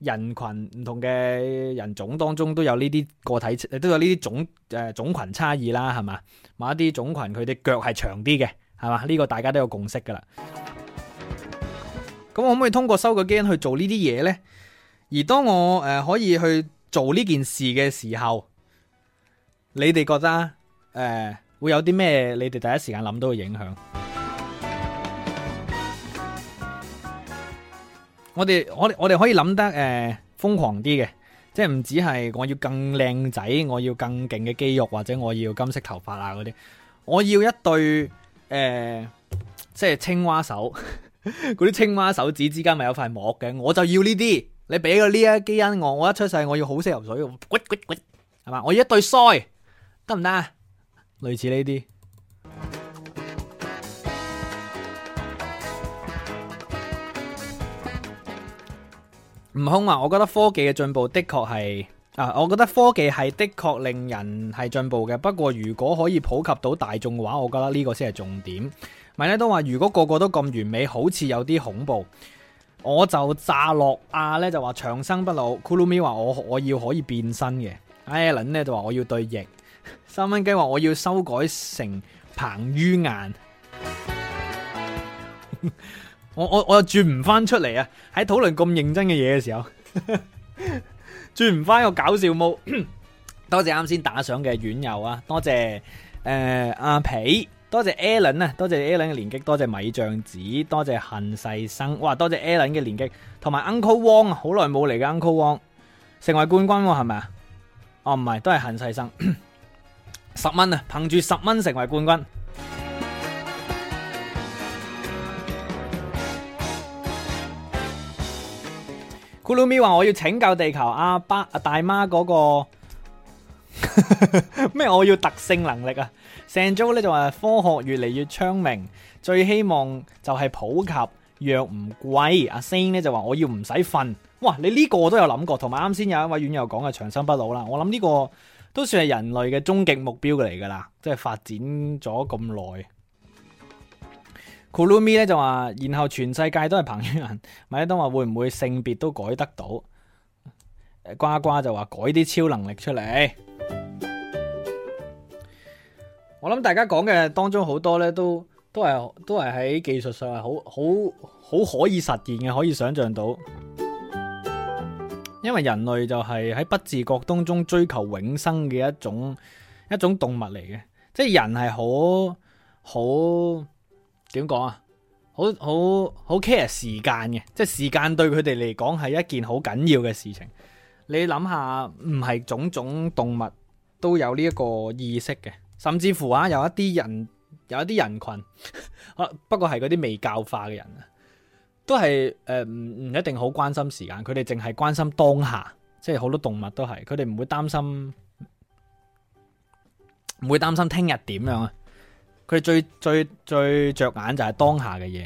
人群唔同嘅人種當中都有呢啲個體，都有呢啲種誒、呃、種群差異啦，係嘛？某一啲種群佢哋腳係長啲嘅。係嘛？呢、這個大家都有共識噶啦。咁我可唔可以通過收個基因去做呢啲嘢呢？而當我誒、呃、可以去做呢件事嘅時候，你哋覺得誒、呃、會有啲咩？你哋第一時間諗到嘅影響？嗯、我哋我哋我哋可以諗得誒、呃、瘋狂啲嘅，即係唔止係我要更靚仔，我要更勁嘅肌肉，或者我要金色頭髮啊嗰啲，我要一對。誒、呃，即係青蛙手，嗰啲青蛙手指之間咪有塊膜嘅，我就要呢啲。你俾個呢一基因我，我一出世我要好識游水，滾滾滾，係嘛？我要一對腮，得唔得啊？類似呢啲。悟空啊，我覺得科技嘅進步的確係。啊，我覺得科技係的確令人係進步嘅。不過如果可以普及到大眾嘅話，我覺得呢個先係重點。咪呢都話，如果個個都咁完美，好似有啲恐怖。我就炸落啊！呢就話長生不老。庫魯咪話我我要可以變身嘅。艾倫呢就話我要對翼。三蚊雞話我要修改成彭于晏。 (laughs) 我我我又轉唔翻出嚟啊！喺討論咁認真嘅嘢嘅時候。 (laughs) 轉唔翻個搞笑冇？多謝啱先打賞嘅遠友啊，多謝誒、呃、阿皮，多謝 Alan 啊，多謝 Alan 嘅連擊，多謝米醬子，多謝恨世生，哇，多謝 Alan 嘅連擊，同埋 Uncle Wong 啊，好耐冇嚟嘅 Uncle Wong，成為冠軍係咪啊是是？哦，唔係，都係恨世生，十蚊啊，憑住十蚊成為冠軍。咕嚕咪話我要拯救地球阿、啊、爸阿、啊、大媽嗰、那個咩？ (laughs) 我要特性能力啊 s a n o 咧就話科學越嚟越昌明，最希望就係普及，藥唔貴。阿 s a 咧就話我要唔使瞓。哇！你呢個都有諗過，同埋啱先有一位院友講嘅長生不老啦。我諗呢個都算係人類嘅終極目標嚟噶啦，即係發展咗咁耐。Coolomi 咧就話，然後全世界都係彭于晏，米粒都話會唔會性別都改得到？瓜瓜就話改啲超能力出嚟。我諗大家講嘅當中好多咧，都都係都係喺技術上係好好好可以實現嘅，可以想象到。因為人類就係喺不自覺當中追求永生嘅一種一種動物嚟嘅，即係人係好好。點講啊？好好好 care 時間嘅，即係時間對佢哋嚟講係一件好緊要嘅事情。你諗下，唔係種種動物都有呢一個意識嘅，甚至乎啊，有一啲人，有一啲人群，不過係嗰啲未教化嘅人啊，都係誒唔，唔一定好關心時間，佢哋淨係關心當下，即係好多動物都係，佢哋唔會擔心唔會擔心聽日點樣啊？佢最最最着眼就係當下嘅嘢，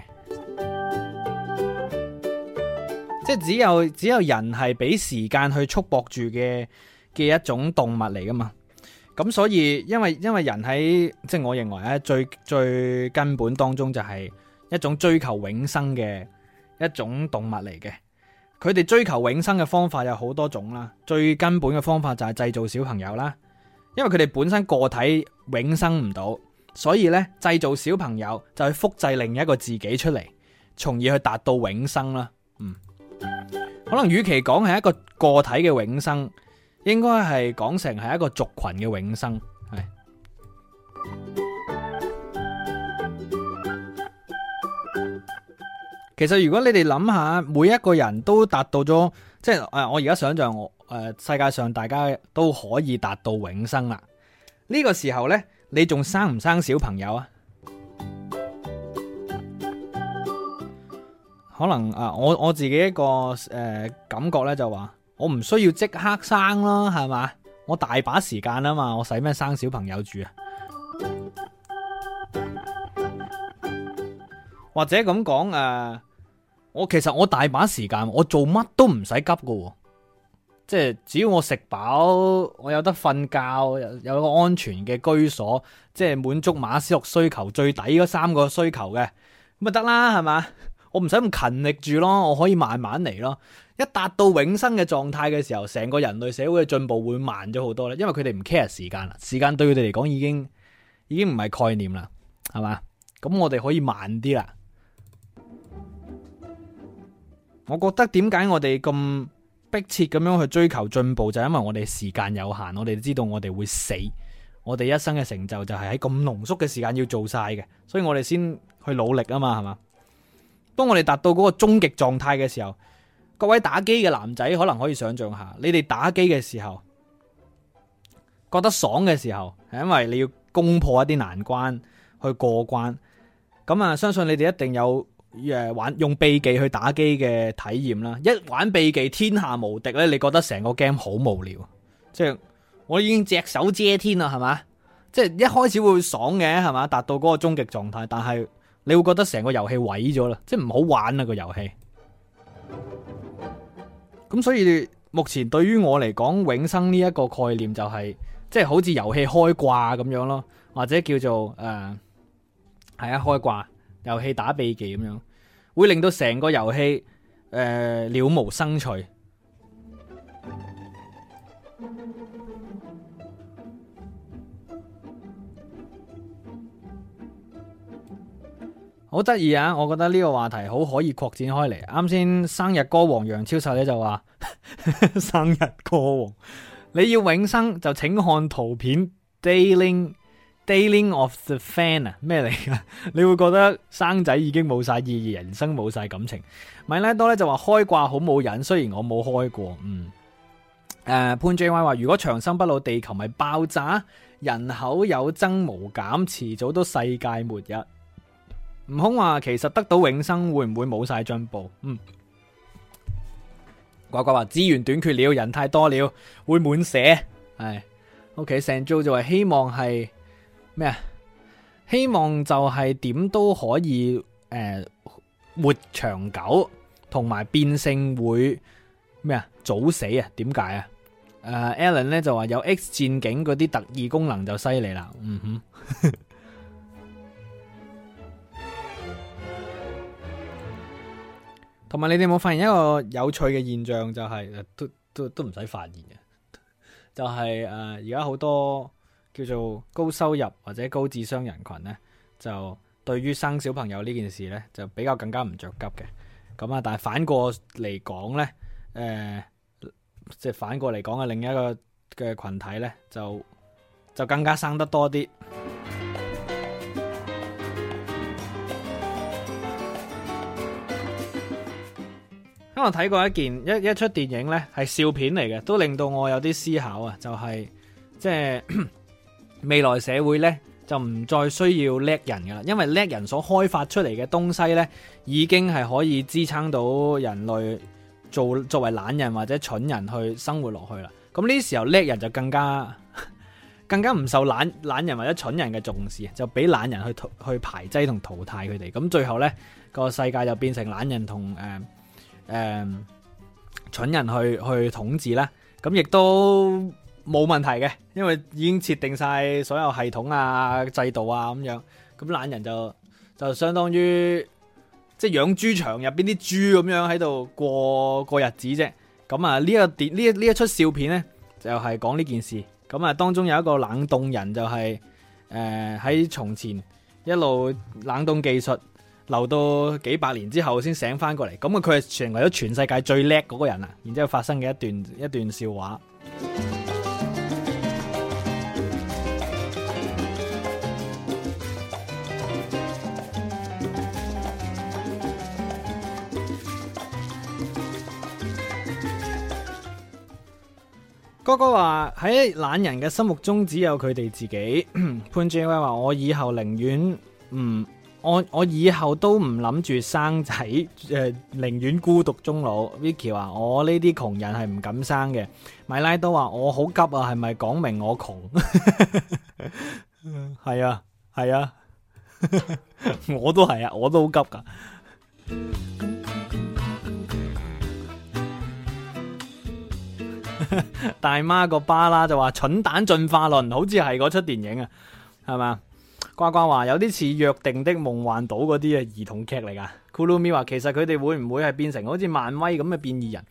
即係只有只有人係俾時間去束縛住嘅嘅一種動物嚟㗎嘛。咁所以因為因為人喺即係我認為咧最最根本當中就係一種追求永生嘅一種動物嚟嘅。佢哋追求永生嘅方法有好多種啦。最根本嘅方法就係製造小朋友啦，因為佢哋本身個體永生唔到。所以咧，製造小朋友就去複製另一個自己出嚟，從而去達到永生啦、嗯。嗯，可能與其講係一個個體嘅永生，應該係講成係一個族群嘅永生。係、嗯，其實如果你哋諗下，每一個人都達到咗，即係誒，我而家想象我誒，世界上大家都可以達到永生啦。呢、這個時候呢。你仲生唔生小朋友啊？可能啊，我我自己一個誒、呃、感覺咧就話，我唔需要即刻生咯，係嘛？我大把時間啊嘛，我使咩生小朋友住啊？或者咁講啊，我其實我大把時間，我做乜都唔使急噶喎、啊。即係只要我食飽，我有得瞓覺，有個安全嘅居所，即係滿足馬斯洛需求最底嗰三個需求嘅，咁咪得啦，係嘛？我唔使咁勤力住咯，我可以慢慢嚟咯。一達到永生嘅狀態嘅時候，成個人類社會嘅進步會慢咗好多啦，因為佢哋唔 care 時間啦，時間對佢哋嚟講已經已經唔係概念啦，係嘛？咁我哋可以慢啲啦。我覺得點解我哋咁？迫切咁樣去追求進步，就係因為我哋時間有限，我哋知道我哋會死，我哋一生嘅成就就係喺咁濃縮嘅時間要做晒嘅，所以我哋先去努力啊嘛，係嘛？當我哋達到嗰個終極狀態嘅時候，各位打機嘅男仔可能可以想象下，你哋打機嘅時候覺得爽嘅時候，係因為你要攻破一啲難關去過關，咁啊，相信你哋一定有。誒，玩用秘技去打機嘅體驗啦，一玩秘技天下無敵咧，你覺得成個 game 好無聊，即係我已經隻手遮天啦，係嘛？即係一開始會爽嘅，係嘛？達到嗰個終極狀態，但係你會覺得成個遊戲毀咗啦，即係唔好玩啊個遊戲。咁所以目前對於我嚟講，永生呢一個概念就係、是，即係好似遊戲開掛咁樣咯，或者叫做誒，係、呃、啊，開掛。遊戲打秘技咁樣，會令到成個遊戲誒了無生趣。好得意啊！我覺得呢個話題好可以擴展開嚟。啱先生日歌王楊超秀呢就話 (laughs) 生日歌王，你要永生就請看圖片 daily Daily of the fan 啊，咩嚟噶？你會覺得生仔已經冇晒意義，人生冇晒感情。米拉多咧就話開掛好冇癮，雖然我冇開過。嗯，誒、uh, 潘 JY 話如果長生不老，地球咪爆炸，人口有增無減，遲早都世界末日。悟空話其實得到永生會唔會冇晒進步？嗯，呱呱話資源短缺了，人太多了會滿瀉。係，OK 成 jo 就話希望係。咩啊？希望就係點都可以誒、呃、活長久，同埋變性會咩啊早死啊？點解啊？誒、呃、Alan 咧就話有 X 戰警嗰啲特異功能就犀利啦。嗯哼。同 (laughs) 埋你哋有冇發現一個有趣嘅現象，就是不用現的？就係都都都唔使發現嘅，就係誒而家好多。叫做高收入或者高智商人群呢，就對於生小朋友呢件事呢，就比較更加唔着急嘅。咁啊，但係反過嚟講呢，即、呃、係、就係、反過嚟講嘅另一個嘅群體呢，就就更加生得多啲。啱啱睇過一件一一出電影呢，係笑片嚟嘅，都令到我有啲思考啊，就係、係、即係。 (coughs) 未來社會呢，就唔再需要叻人噶啦，因為叻人所開發出嚟嘅東西呢，已經係可以支撐到人類做作為懶人或者蠢人去生活落去啦。咁呢時候叻人就更加更加唔受懶懶人或者蠢人嘅重視，就俾懶人去去排擠同淘汰佢哋。咁最後呢，這個世界就變成懶人同誒誒蠢人去去統治啦。咁亦都。冇問題嘅，因為已經設定晒所有系統啊、制度啊咁樣。咁懶人就就相當於即係、就是、養豬場入邊啲豬咁樣喺度過過日子啫。咁啊呢一個電呢呢一出笑片呢，就係、是、講呢件事。咁啊當中有一個冷凍人就係誒喺從前一路冷凍技術留到幾百年之後先醒翻過嚟。咁啊佢係成為咗全世界最叻嗰個人啊！然之後發生嘅一段一段笑話。哥哥話喺懶人嘅心目中只有佢哋自己。 (coughs) 潘 JY 話我以後寧願唔，我我以後都唔諗住生仔，誒、呃，寧願孤獨終老。Vicky 話我呢啲窮人係唔敢生嘅。米拉都話我好急啊，係咪講明我窮？係 (laughs) 啊，係啊， (laughs) 啊，我都係啊，我都好急噶。 (laughs) 大媽個巴啦就話蠢蛋進化論，好似係嗰出電影啊，係嘛？呱呱話有啲似約定的夢幻島嗰啲啊，兒童劇嚟噶。庫魯咪話其實佢哋會唔會係變成好似漫威咁嘅變異人？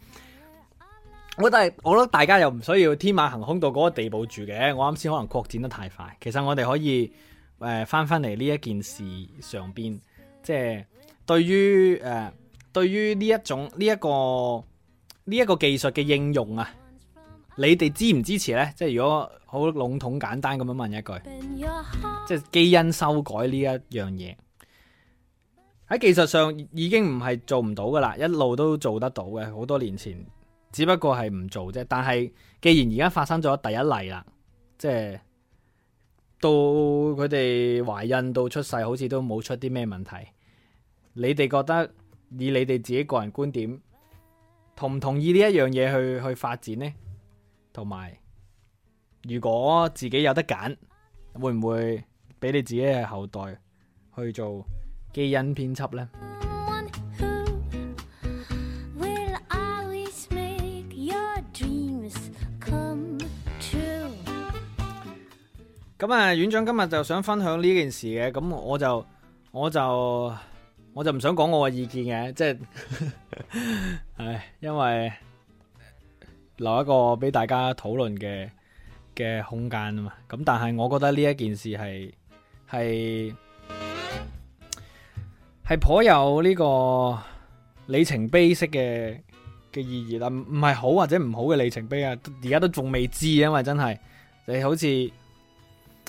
(music) 但我但係我覺得大家又唔需要天馬行空到嗰個地步住嘅。我啱先可能擴展得太快，其實我哋可以誒翻翻嚟呢一件事上面，即、就、係、是、對於誒、呃、對於呢一種呢一,一個呢一,一個技術嘅應用啊。你哋支唔支持呢？即係如果好籠統簡單咁樣問一句，嗯、即係基因修改呢一樣嘢喺技術上已經唔係做唔到噶啦，一路都做得到嘅。好多年前只不過係唔做啫。但係既然而家發生咗第一例啦，即係到佢哋懷孕到出世，好似都冇出啲咩問題。你哋覺得以你哋自己個人觀點同唔同意呢一樣嘢去去發展呢？同埋，如果自己有得揀，會唔會俾你自己嘅後代去做基因編輯呢？咁啊，院長今日就想分享呢件事嘅，咁我就我就我就唔想講我嘅意見嘅，即係， (laughs) 唉，因為。留一個俾大家討論嘅嘅空間啊嘛，咁但係我覺得呢一件事係係係頗有呢個里程碑式嘅嘅意義啦，唔唔係好或者唔好嘅里程碑啊，而家都仲未知啊嘛，因為真係你好似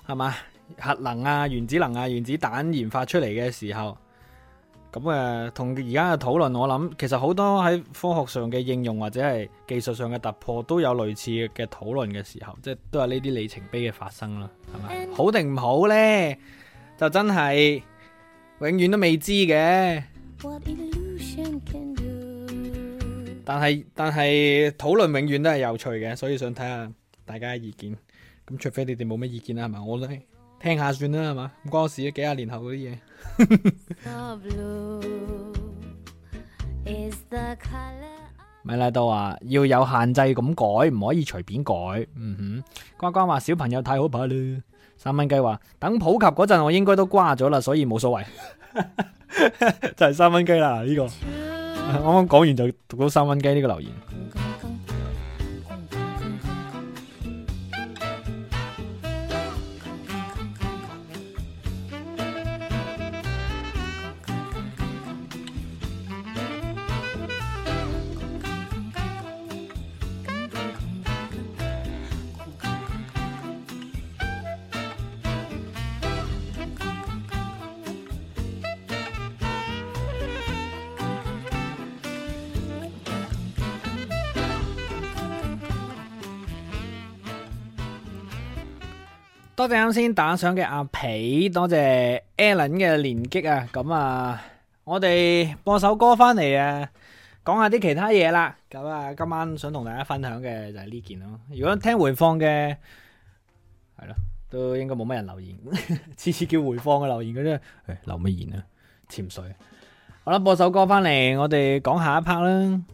係嘛核能啊、原子能啊、原子彈研發出嚟嘅時候。咁誒，同而家嘅討論，我諗其實好多喺科學上嘅應用或者係技術上嘅突破，都有類似嘅討論嘅時候，即係都係呢啲里程碑嘅發生啦，係咪？And、好定唔好咧？就真係永遠都未知嘅。但係但係討論永遠都係有趣嘅，所以想睇下大家嘅意見。咁除非你哋冇咩意見啦，係咪？我咧。聽下算啦，係嘛？唔關我事，幾廿年後嗰啲嘢。米拉多話要有限制咁改，唔可以隨便改。嗯哼，乖乖話小朋友太可怕啦。三蚊雞話等普及嗰陣，我應該都瓜咗啦，所以冇所謂。 (laughs) 就係三蚊雞啦，呢、呢個。啱啱講完就讀到三蚊雞呢個留言。多謝啱先打賞嘅阿皮，多謝 Alan 嘅連擊啊！咁啊，我哋播首歌翻嚟啊，講下啲其他嘢啦。咁啊，今晚想同大家分享嘅就係呢件咯。如果聽回放嘅，係咯，都應該冇乜人留言，次次叫回放嘅留言嘅啫。誒，留乜言啊？潛水。好啦，播首歌翻嚟，我哋講下一 part 啦。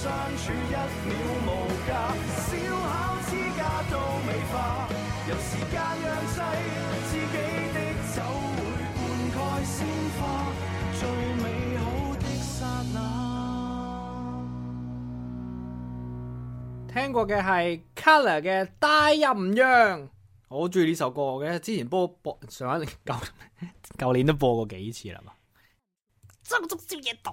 聽過嘅係 Kolor 嘅《大陰陽》，我好中意呢首歌嘅。之前播播上一年舊舊年都播過幾次啦嘛，張竹少嘢讀。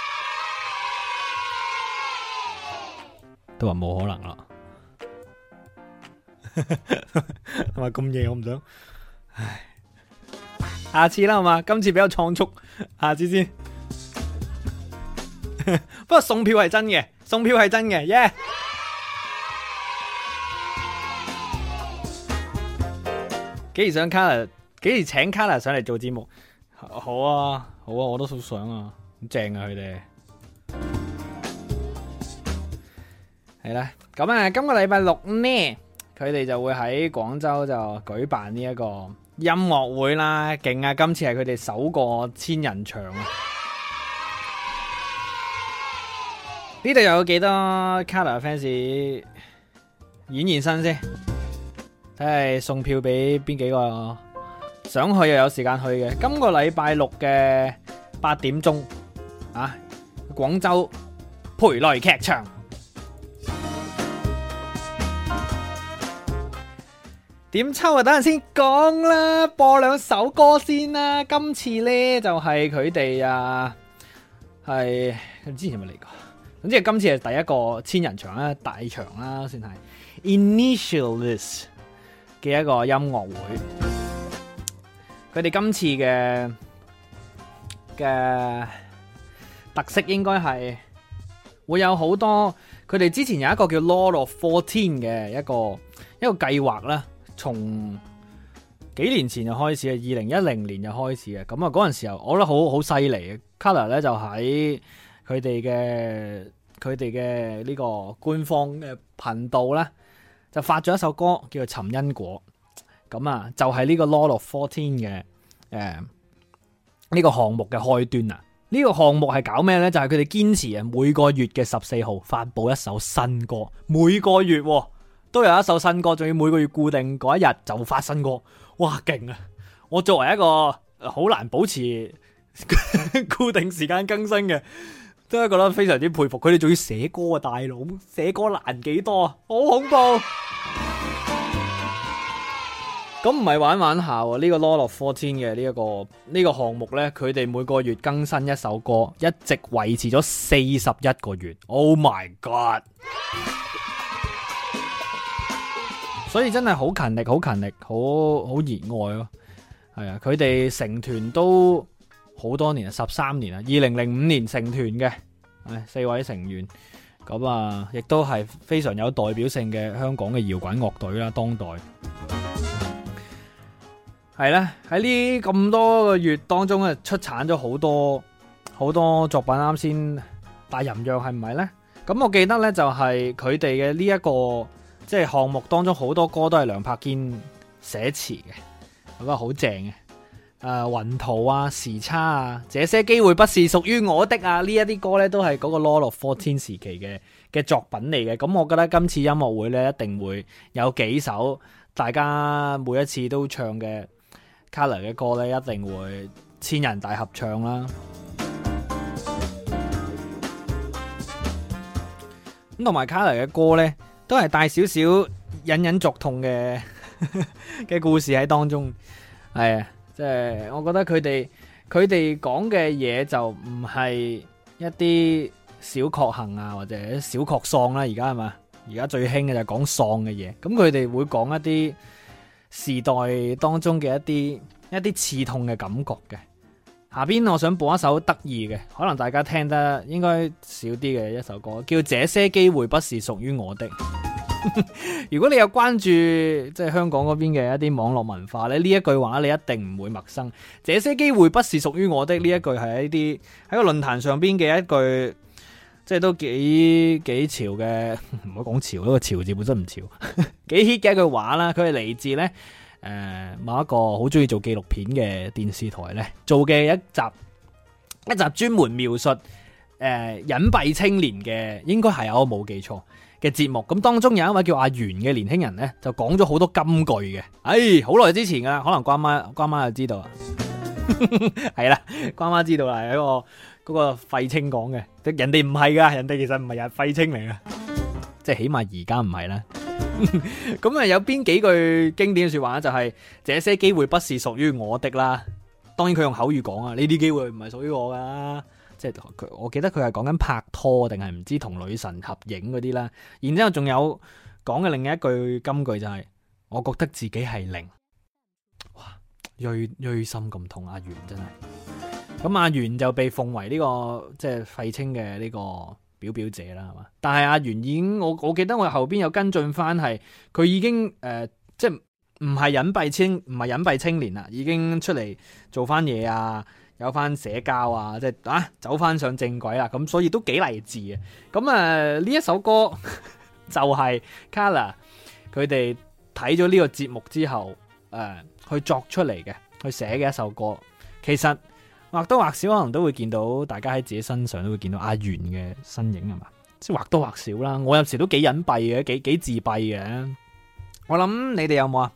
都話冇可能啦，係咪？咁夜我唔想，唉，下次啦嘛，今次比較倉促，下次先。 (laughs) 不過送票係真嘅，送票係真嘅，耶！幾時上 Kolor？幾時請 Kolor 上嚟做節目？好啊，好啊，我都好想啊，好正啊佢哋。係啦，咁啊，今個禮拜六呢，佢哋就會喺廣州就舉辦呢一個音樂會啦，勁啊！今次係佢哋首個千人場啊！呢 (laughs) 度有幾多 Kolor fans 演現身先，睇下送票俾邊幾個？想去又有時間去嘅，今個禮拜六嘅八點鐘啊，廣州培來劇場。點抽啊！等陣先講啦，播兩首歌先啦。今次咧就係佢哋啊，係之前係咪嚟過？總之今次係第一個千人場啦，大場啦，啊，算係 Initialist 嘅一個音樂會。佢哋 (music) 今次嘅嘅特色應該係會有好多，佢哋之前有一個叫 Lord of Fourteen 嘅一個一個計劃啦。從幾年前就開始嘅，二零一零年就開始嘅，咁啊嗰陣時候我覺得好好犀利，Color 咧就喺佢哋嘅佢哋嘅呢個官方嘅頻道咧，就發咗一首歌叫做《尋因果》，咁啊就係呢個《Lord of 14》嘅誒呢個項目嘅開端啊！呢個項目係搞咩咧？就係佢哋堅持啊，每個月嘅十四號發布一首新歌，每個月哦。都有一首新歌，仲要每個月固定嗰一日就發新歌，哇勁啊！我作為一個好難保持 (laughs) 固定時間更新嘅，都係覺得非常之佩服。佢哋仲要寫歌啊，大佬寫歌難幾多啊，好恐怖！咁唔係玩玩下呢、啊這個這個《Law 14》嘅呢一個呢個項目呢，佢哋每個月更新一首歌，一直維持咗四十一個月。Oh my god！ (music) 所以真係好勤力，好勤力，好好熱愛咯，係啊！佢哋成團都好多年啊，十三年啊，二零零五年成團嘅，四位成員咁啊，亦都係非常有代表性嘅香港嘅搖滾樂隊啦，當代係呢，喺呢咁多個月當中啊，出產咗好多好多作品。啱先大吟釀係唔係呢？咁我記得呢，就係佢哋嘅呢一個。即係項目當中好多歌都係梁柏堅寫詞嘅，我覺得好正嘅。誒、呃、雲圖啊、時差啊、這些機會不是屬於我的啊，這些呢一啲歌咧都係嗰個 Law of Fourteen 時期嘅嘅作品嚟嘅。咁我覺得今次音樂會咧一定會有幾首大家每一次都唱嘅 Kolor 嘅歌咧，一定會千人大合唱啦。咁同埋 Kolor 嘅歌咧。都係帶少少隱隱作痛嘅嘅 (laughs) 故事喺當中，係啊，即係我覺得佢哋佢哋講嘅嘢就唔係一啲小確幸啊，或者小確喪啦，而家係嘛，而家最興嘅就係講喪嘅嘢，咁佢哋會講一啲時代當中嘅一啲一啲刺痛嘅感覺嘅。下邊我想播一首得意嘅，可能大家聽得應該少啲嘅一首歌，叫《這些機會不是屬於我的》。 (laughs) 如果你有關注即係香港嗰邊嘅一啲網絡文化咧，呢一句話你一定唔會陌生。這些機會不是屬於我的呢一句係一啲喺個論壇上邊嘅一句，即係都幾幾潮嘅。唔好講潮咯，個潮字本身唔潮， (laughs) 幾 hit 嘅一句話啦。佢係嚟自咧誒、呃、某一個好中意做紀錄片嘅電視台咧，做嘅一集一集專門描述誒呃、隱蔽青年嘅，應該係我冇記錯。嘅節目，咁當中有一位叫阿元嘅年輕人咧，就講咗好多金句嘅。唉、哎，好耐之前噶啦，可能關媽關媽就知道啊，係啦，關 (noise) 媽樂 (laughs) 知道啦，喺一、那個嗰、那個廢青講嘅，人哋唔係噶，人哋其實唔係人廢青嚟噶，即係、 (music) 就是、起碼而家唔係啦。咁啊，有邊幾句經典嘅說話就係、是、這些機會不是屬於我的啦。當然佢用口語講啊，呢啲機會唔係屬於我噶。即係佢，我記得佢係講緊拍拖定係唔知同女神合影嗰啲啦。然之後仲有講嘅另一句金句就係、是，我覺得自己係零。哇，錐錐心咁痛，阿袁真係。咁阿袁就被奉為呢、這個即係廢青嘅呢個表表者啦，係嘛？但係阿袁已經，我我記得我後邊有跟進翻係，佢已經誒、呃，即係唔係隱蔽青唔係隱蔽青年啦，已經出嚟做翻嘢啊！有翻社交啊，即係啊，走翻上正軌啦，咁所以都幾勵志嘅。咁啊，呢、呃、一首歌呵呵就係 Kolor 佢哋睇咗呢個節目之後，誒、呃，去作出嚟嘅，去寫嘅一首歌。其實或多或少可能都會見到大家喺自己身上都會見到阿元嘅身影啊嘛，即係或多或少啦。我有時都幾隱蔽嘅，幾幾自閉嘅。我諗你哋有冇啊？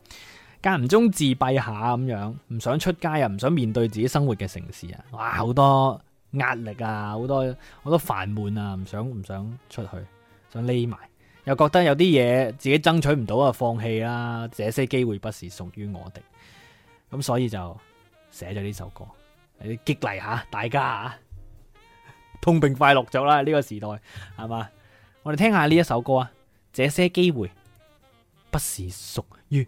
間唔中自閉下咁樣，唔想出街，又唔想面對自己生活嘅城市啊。哇，好多壓力啊，好多好多煩悶啊，唔想唔想出去，想匿埋又覺得有啲嘢，自己爭取唔到啊，放棄啦。這些機會不是屬於我的，咁所以就寫咗呢首歌，喺度激勵下大家啊。痛並快樂咗啦，呢個時代係嘛？我哋聽下呢一首歌啊。這些機會不是屬於。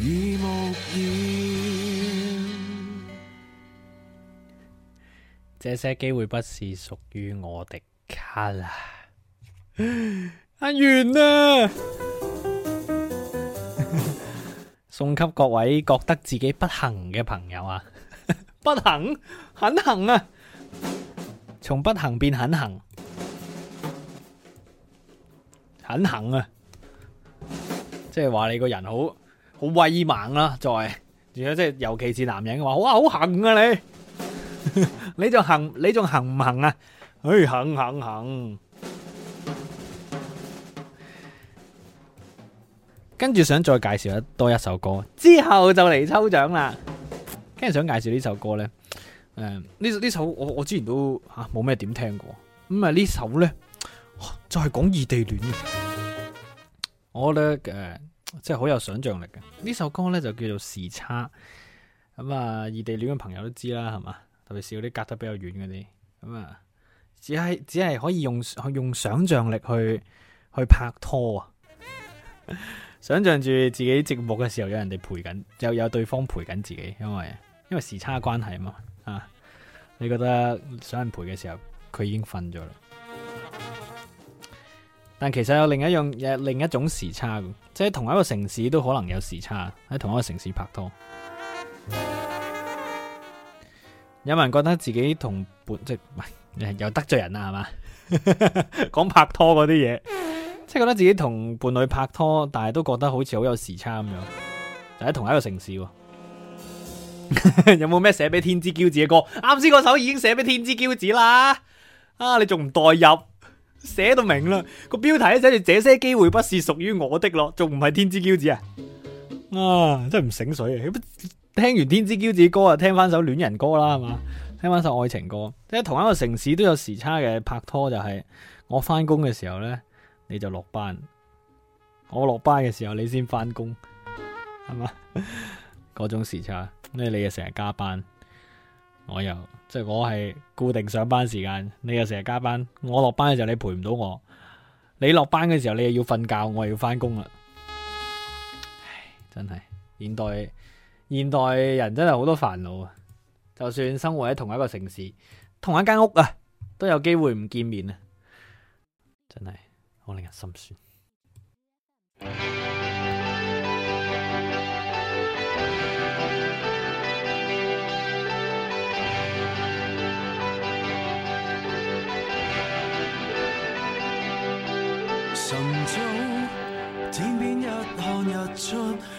已目眩，這些機會不是屬於我的。Kolor，阿元啊， (laughs) 送給各位覺得自己不行嘅朋友啊， (laughs) 不行，肯行啊，從不行變肯行，肯行啊，即係話你個人好。好威猛啦、啊，再而且即係尤其是男人嘅話好好行啊你 (laughs) 你行，你你仲行你仲行唔行啊？唉，行行行。跟住想再介紹得多一首歌，之後就嚟抽獎啦。跟住想介紹呢首歌咧，誒、呃，呢呢首我我之前都吓冇咩點聽過，咁、嗯、啊、就是、呢首咧就係講異地戀我咧誒。呃即係好有想象力嘅呢首歌呢，就叫做時差。咁啊異地戀嘅朋友都知啦係嘛，特別是嗰啲隔得比較遠嗰啲咁啊，只係只係可以用用想象力去去拍拖啊， (laughs) 想象住自己的寂寞嘅時候有人哋陪緊，又有，有對方陪緊自己，因為因為時差關係啊嘛啊，你覺得想人陪嘅時候佢已經瞓咗啦。但其實有另一樣，又另一種時差嘅，即係同一個城市都可能有時差，喺同一個城市拍拖。有人覺得自己同伴即係唔係又得罪人啦？係嘛？講 (laughs) 拍拖嗰啲嘢，即係覺得自己同伴侶拍拖，但係都覺得好似好有時差咁樣，就喺同一個城市喎。 (laughs) 有冇咩寫俾天之驕子嘅歌？啱先嗰首已經寫俾天之驕子啦。啊，你仲唔代入？寫到明啦，個標題寫住這些機會不是屬於我的咯仲唔係天之驕子啊？啊，真係唔醒水啊！聽完天之驕子歌啊，聽翻首戀人歌啦，係嘛？聽翻首愛情歌，即係同一個城市都有時差嘅拍拖，就係我翻工嘅時候呢，你就落班；我落班嘅時候你，你先翻工，係嘛？嗰種時差，咩你又成日加班，我又。即係我係固定上班時間，你又成日加班。我落班嘅時候你陪唔到我，你落班嘅時候你又要瞓覺，我又要翻工啦。唉，真係現代現代人真係好多煩惱啊！就算生活喺同一個城市，同一間屋啊，都有機會唔見面啊！真係好令人心酸。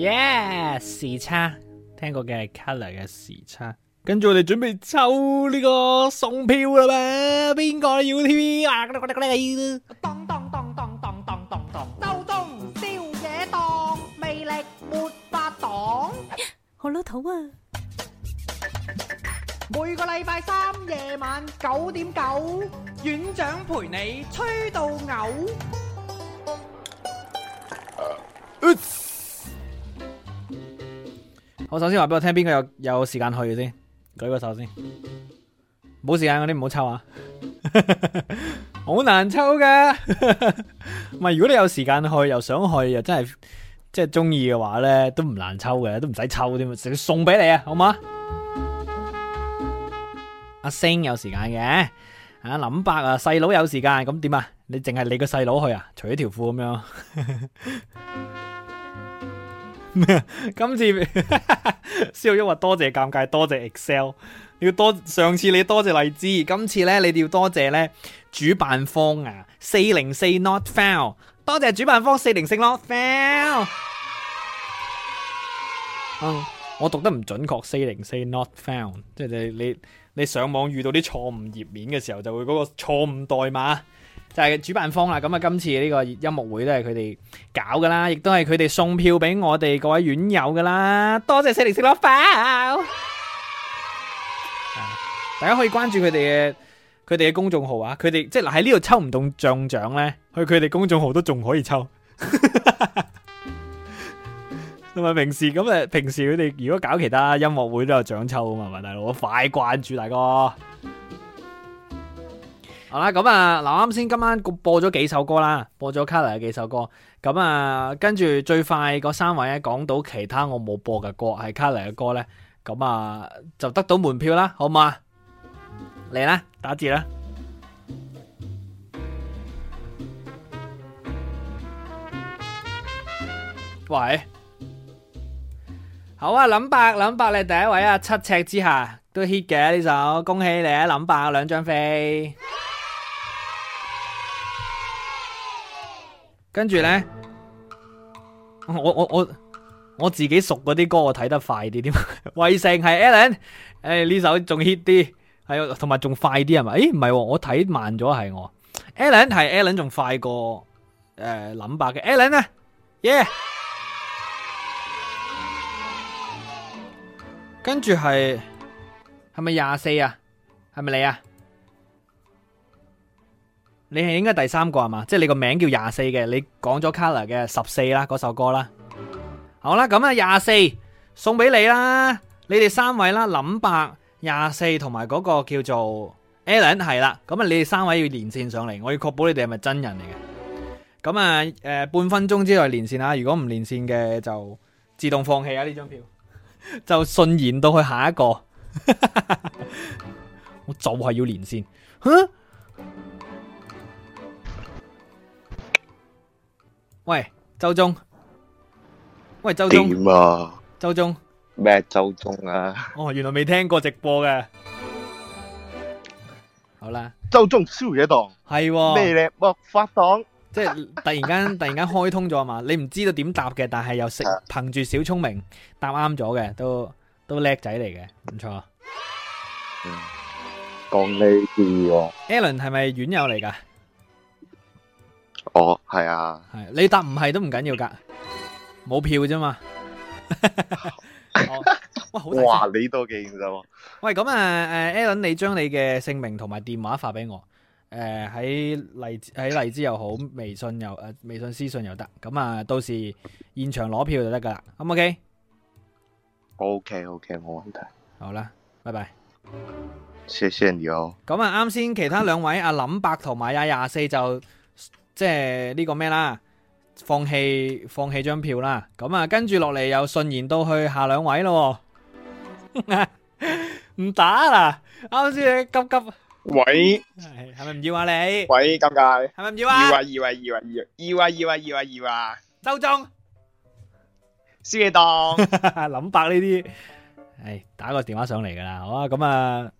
Yes，時差聽過嘅 Kolor 嘅時差，跟住我哋準備抽呢個送票啦嘛，邊個要 U T V 啊？嗰個嗰個呢個呢個，當當當當當當當，當中宵夜檔魅力沒法擋，好老土啊！每個禮拜三夜晚九點九，院長陪你吹到嘔。我首先話俾我聽，邊個有有時間去先，舉個手先。冇時間嗰啲唔好抽啊，好難抽噶。唔係，如果你有時間去，又想去，又真係即係中意嘅話咧，都唔難抽嘅，都唔使抽添，直接送俾你啊，好嘛？阿星有時間嘅，啊林伯啊細佬有時間，咁點啊？你淨係理個細佬去啊？除咗條褲咁樣。 (laughs) 今次肖 (laughs) 一話多謝尷尬，多謝,謝 Excel。要多上次你多謝荔枝，今次咧你哋要多謝咧主辦方啊。四零四 not found，多謝主辦方四零四 not found。嗯、 (noise) 啊，我讀得唔準確，四零四 not found，即係你你,你上網遇到啲錯誤頁面嘅時候，就會嗰個錯誤代碼。就係主辦方啦，咁啊今次呢個音樂會都係佢哋搞噶啦，亦都係佢哋送票俾我哋各位院友噶啦，多謝四零食攞飯，大家可以關注佢哋嘅佢哋嘅公眾號啊，佢哋即係嗱喺呢度抽唔中獎獎咧，去佢哋公眾號都仲可以抽，同埋平時咁誒，平時佢哋如果搞其他音樂會都有獎抽啊嘛，大佬快關注大哥。好啦，咁啊嗱，啱先今晚播咗幾首歌啦，播咗 Kolor 嘅幾首歌，咁啊，跟住最快嗰三位咧講到其他我冇播嘅歌係 Kolor 嘅歌咧，咁啊就得到門票啦，好嘛？嚟啦，打字啦，喂，好啊，諗白諗白你第一位啊，七尺之下都 hit 嘅呢首，恭喜你啊，諗白兩張飛。跟住咧，我我我我自己熟嗰啲歌我睇得快啲，點威聲係 Alan，誒呢首仲 hit 啲，係同埋仲快啲係咪？誒唔係，我睇慢咗係我，Alan 係 Alan 仲快過誒林伯嘅，Alan 啊，耶、yeah!！跟住係係咪廿四啊？係咪你啊？你係應該第三個係嘛？即係你個名叫廿四嘅，你講咗 Kolor 嘅十四啦，嗰首歌啦。好啦，咁啊廿四送俾你啦。你哋三位啦，林伯，廿四同埋嗰個叫做 Alan 係啦。咁啊，你哋三位要連線上嚟，我要確保你哋係咪真人嚟嘅。咁啊，誒、呃，半分鐘之內連線啊，如果唔連線嘅就自動放棄啊呢張票，就順延到去下一個。 (laughs) 我就係要連線，哼。喂，周中，喂，周中，點啊？周中，咩周中啊？哦，原來未聽過直播嘅。好啦，周中宵夜檔，係咩嚟？魔法檔，即係突然間突然間開通咗啊嘛！你唔知道點答嘅，但係又識憑住小聰明答啱咗嘅，都都叻仔嚟嘅，唔錯。嗯，講呢啲喎。Alan 係咪院友嚟噶？哦，係啊，係你答唔係都唔緊要噶，冇票啫嘛 (laughs) 、哦。哇， (laughs) 哇你多勁咋？喂，咁啊，誒，Alan，你將你嘅姓名同埋電話發俾我。誒、呃，喺荔枝喺荔枝又好，微信又誒，微信私信又得。咁啊，到時現場攞票就得噶啦，好唔好？O K，O K，冇問題。好啦，拜拜。謝謝你哦。咁啊，啱先其他兩位阿林伯同埋呀廿四就。即係呢個咩啦？放棄放棄張票啦！咁啊，跟住落嚟又順延到去下兩位咯。唔打啦，啱先急急。喂，係咪唔要啊你？喂，尷尬，係咪唔要啊？要啊要啊要啊要啊要啊要啊要啊要啊，周中，司儀檔，林伯呢啲，誒，打個電話上嚟噶啦，好啊，咁啊，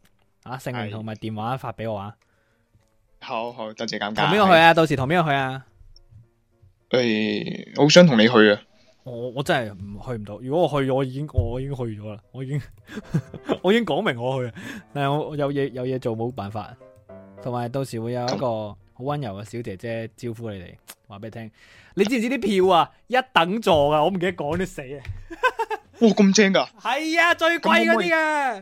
啊，姓名同埋電話發俾我啊。好好，多謝尷尬。同邊個去啊？到時同邊個去啊？誒、欸，好想同你去啊！我我真係唔去唔到。如果我去，我已經我已經去咗啦。我已經 (laughs) (laughs) 我已經講明我去啊。但係我有嘢有嘢做，冇辦法。同埋到時會有一個好溫柔嘅小姐姐招呼你哋，話、嗯、俾你聽。你知唔知啲票啊？嗯、一等座噶、啊，我唔記得講咗死啊！哇、 (laughs) 哦，咁正噶？係啊，最貴嗰啲噶。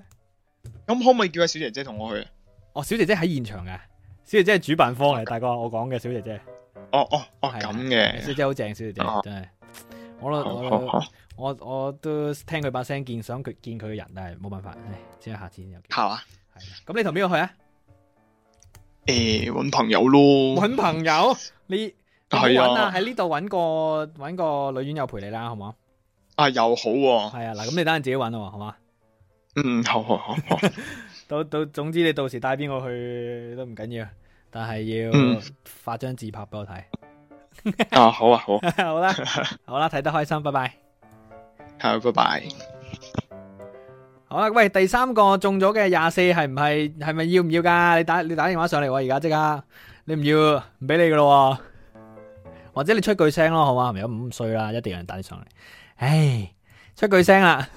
咁可唔可以叫個小姐姐同我去？哦，小姐姐喺現場嘅。小姐姐係主辦方嚟，大哥我講嘅小姐姐，哦哦哦，咁嘅小姐姐好正，小姐姐，小姐，姐、oh. 真係，我 oh, oh, oh. 我我，我都聽佢把聲，想見想佢見佢嘅人，但係冇辦法，唉，只有下次先有機會。係嘛？係，咁你同邊個去啊？誒、欸，搵朋友咯，搵朋友，你係啊？喺呢度搵個搵個女院友陪你啦，好唔好？啊，又好喎，係啊，嗱，咁你等陣自己搵啊，好嗎？嗯，好，好，好，好。 (laughs) 到到，總之你到時帶邊個去都唔緊要，但係要發張自拍俾我睇，嗯。啊好啊好，好啦，好啦，睇 (laughs) 得開心，拜拜。係，拜拜。好啦，喂，第三個中咗嘅廿四係唔係？係咪要唔要噶？你打你打電話上嚟，我而家即刻。你唔要唔俾你噶咯。或者你出句聲咯，好嘛？係咪咁衰啦？一定要有人打你上嚟。唉，出句聲啦。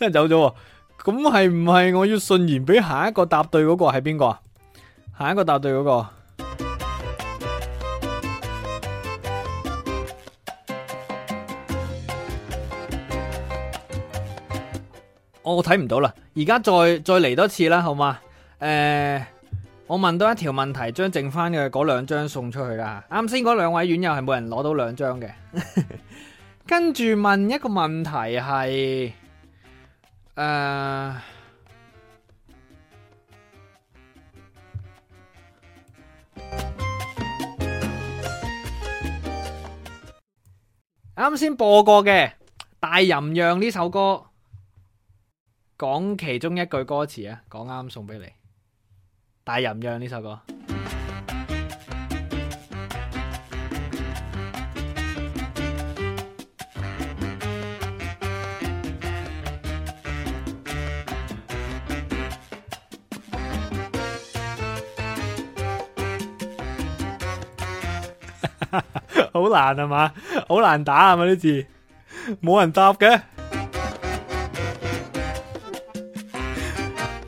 真係走咗，咁係唔係我要順延俾下一個答對嗰個係邊個啊？下一個答對嗰、那個，哦、我睇唔到啦。而家再再嚟多次啦，好嘛？誒、呃，我問多一條問題，將剩翻嘅嗰兩張送出去啦。啱先嗰兩位院友係冇人攞到兩張嘅，跟 (laughs) 住問一個問題係。啱先播過嘅《大吟釀》呢首歌，講其中一句歌詞啊，講啱送俾你，《大吟釀》呢首歌。好難啊嘛，好難打啊嘛啲字，冇人答嘅。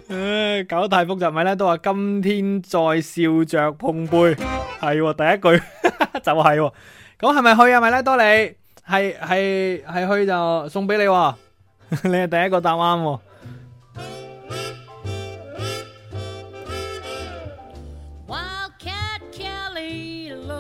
唉，搞得太複雜咪咧，都話今天再笑着碰杯，係、哦、第一句 (laughs) 就係、哦。咁係咪去啊？咪咧多你，係係係去就送俾你、哦。 (laughs) 你係第一個答啱、哦。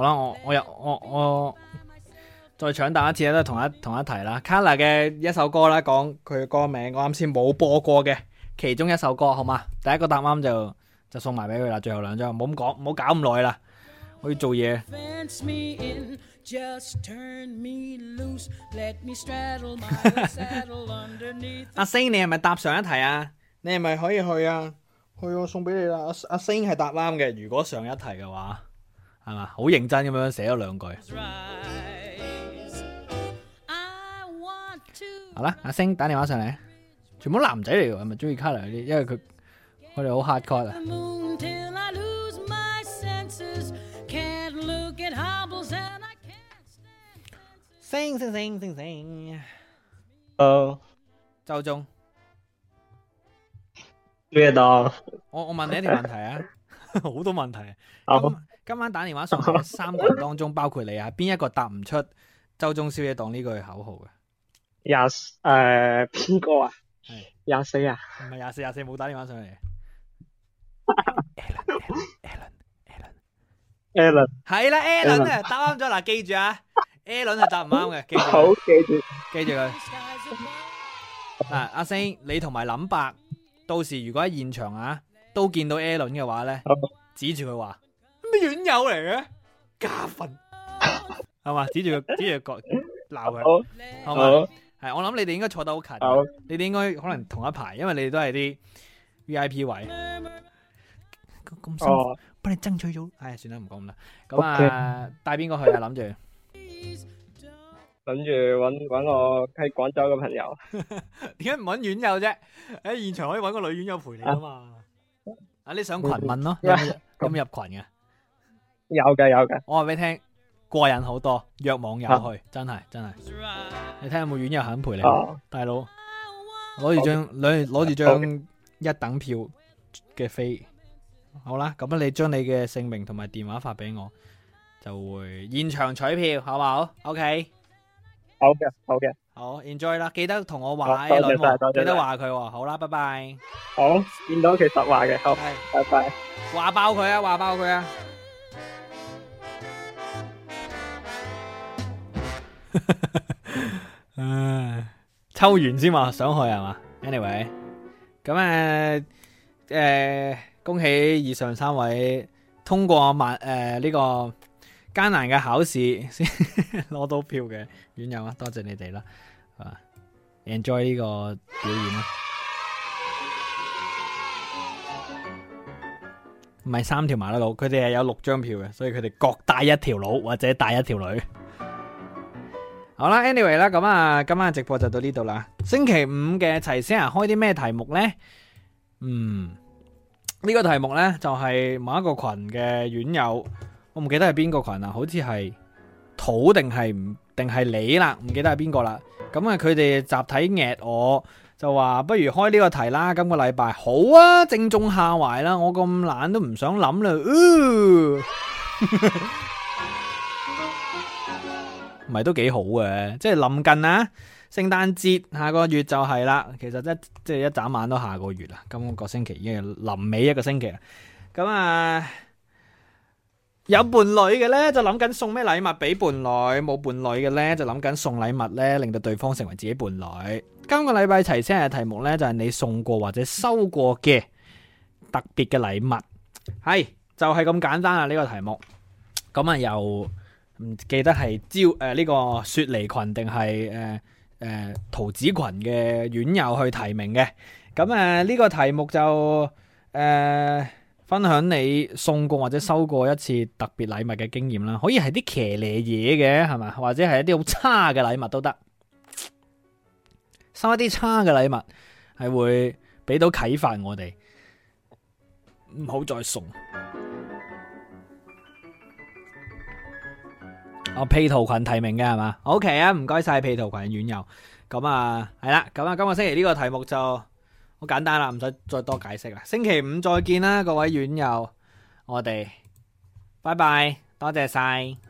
好啦，我我又我我再搶答一次咧，都同一同一題啦。Kolor 嘅一首歌啦，講佢歌名，我啱先冇播過嘅其中一首歌，好嘛？第一個答啱就就送埋俾佢啦。最後兩張唔好咁講，唔好搞咁耐啦，我要做嘢 (music) (music) (music) 阿星，你係咪答上一題啊？你係咪可以去啊？去我送俾你啦。阿阿星係答啱嘅，如果上一題嘅話。係嘛， (music) 好認真咁樣寫咗兩句。好啦，阿星打電話上嚟，全部男仔嚟喎，係咪中意 Kolor 嗰啲？因為佢，我哋好 hardcore 啊！星星星星星，哦，oh. 周中 (laughs) 我我問你一啲問題啊， (laughs) 好多問題。Oh. 嗯今晚打電話上來三個人當中包括你啊，邊一個答唔出周中宵嘅黨呢句口號嘅？廿四誒，邊個啊？廿四啊？唔係廿四廿四冇打電話上嚟。 (laughs) Alan Alan Alan Alan Alan 係啦，Alan 啊，Alan, Alan 答啱咗嗱，記住啊，Alan 係答唔啱嘅，記住，好記住、啊、記住佢。 (laughs) 啊，阿星，你同埋林伯，到時如果喺現場啊，都見到 Alan 嘅話咧，指住佢話。咩院友嚟嘅？家訓係嘛？指住佢，指住佢講鬧佢，係嘛？係我諗你哋應該坐得好近，你哋應該可能同一排，因為你哋都係啲 VIP 位，咁辛苦幫你爭取咗。哎，算啦，唔講啦。咁啊，帶邊個去啊？諗住諗住搵搵個喺廣州嘅朋友。點解唔搵院友啫？喺現場可以搵個女院友陪你噶嘛？啊，你上群問咯，有冇入群嘅？有嘅有嘅，我話俾你聽，過癮好多，約網友去，真係真係。你睇有冇院友肯陪你？大佬，攞住張兩，攞住張一等票嘅飛。好啦，咁樣你將你嘅姓名同埋電話發俾我，就會現場取票，好唔好？OK，好嘅，好嘅，好 enjoy 啦。記得同我話呢兩，記得話佢。好啦，拜拜。好，見到佢實話嘅，好，拜拜。話爆佢啊！話爆佢啊！唉、 (laughs) 啊，抽完先話想去係嘛？Anyway，咁誒誒，恭喜以上三位通過萬誒呢個艱難嘅考試的，先攞到票嘅院友啊！多謝你哋啦，係 Enjoy 呢個表演啊。唔係三條馬得佬，佢哋係有六張票嘅，所以佢哋各帶一條佬或者帶一條女。好啦，anyway 啦，咁啊，今晚嘅直播就到呢度啦。星期五嘅齊先生開啲咩題目呢？嗯，呢、這個題目呢，就係、是、某一個群嘅院友，我唔記得係邊個群啦，好似係土定係唔定係你啦，唔記得係邊個啦。咁啊，佢哋集體 at 我就話，不如開呢個題啦。今個禮拜好啊，正中下懷啦，我咁懶都唔想諗啦。呃 (laughs) 唔係都幾好嘅，即係臨近啊！聖誕節下個月就係啦，其實即一即係一眨晚都下個月啦。今個星期已經臨尾一個星期啦。咁啊，有伴侶嘅呢，就諗緊送咩禮物俾伴侶，冇伴侶嘅呢，就諗緊送禮物呢，令到對方成為自己伴侶。今個禮拜齊先嘅題目呢，就係、是、你送過或者收過嘅特別嘅禮物，係就係、是、咁簡單啊！呢個題目，咁啊又。唔記得係招誒呢個雪梨群定係誒誒桃子群嘅院友去提名嘅。咁誒呢個題目就誒、呃、分享你送過或者收過一次特別禮物嘅經驗啦。可以係啲騎呢嘢嘅係嘛，或者係一啲好差嘅禮物都得。收一啲差嘅禮物係會俾到啟發我哋。唔好再送。哦、啊，P 圖群提名嘅係嘛？OK 啊，唔該晒 P 圖群院友，咁啊係啦，咁啊、嗯、今個星期呢個題目就好簡單啦，唔使再多解釋啦，星期五再見啦，各位院友，我哋拜拜，多謝晒。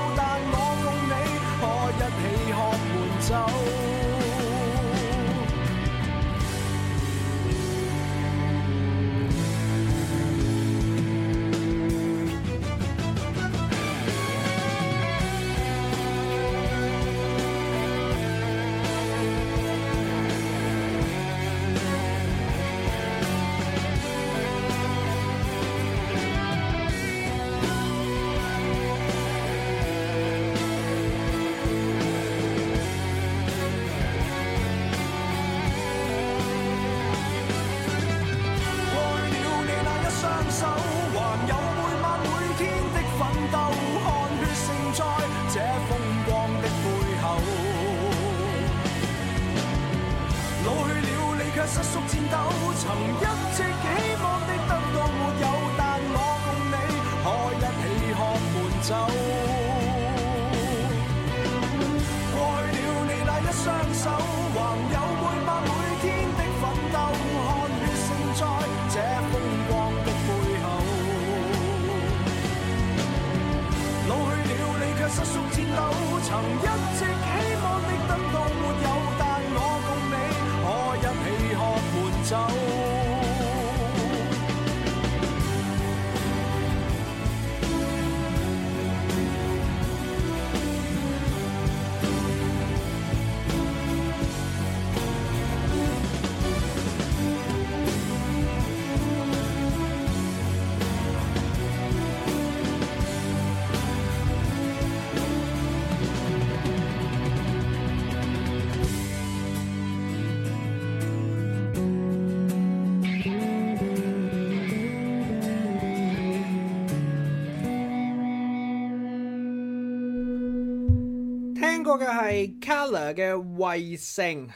播嘅係 Kolor 嘅衛星，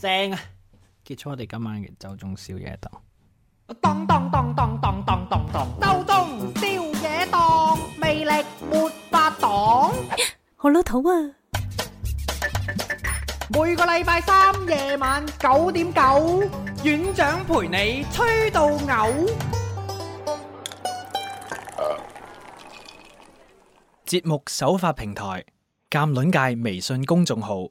正啊！結束我哋今晚嘅周中宵夜檔。咚咚咚咚咚咚咚咚，周中宵夜檔魅力沒法擋。好老土啊！每個禮拜三夜晚九點九，院長陪你吹到嘔。節目首發平台。鑑論界微信公眾號。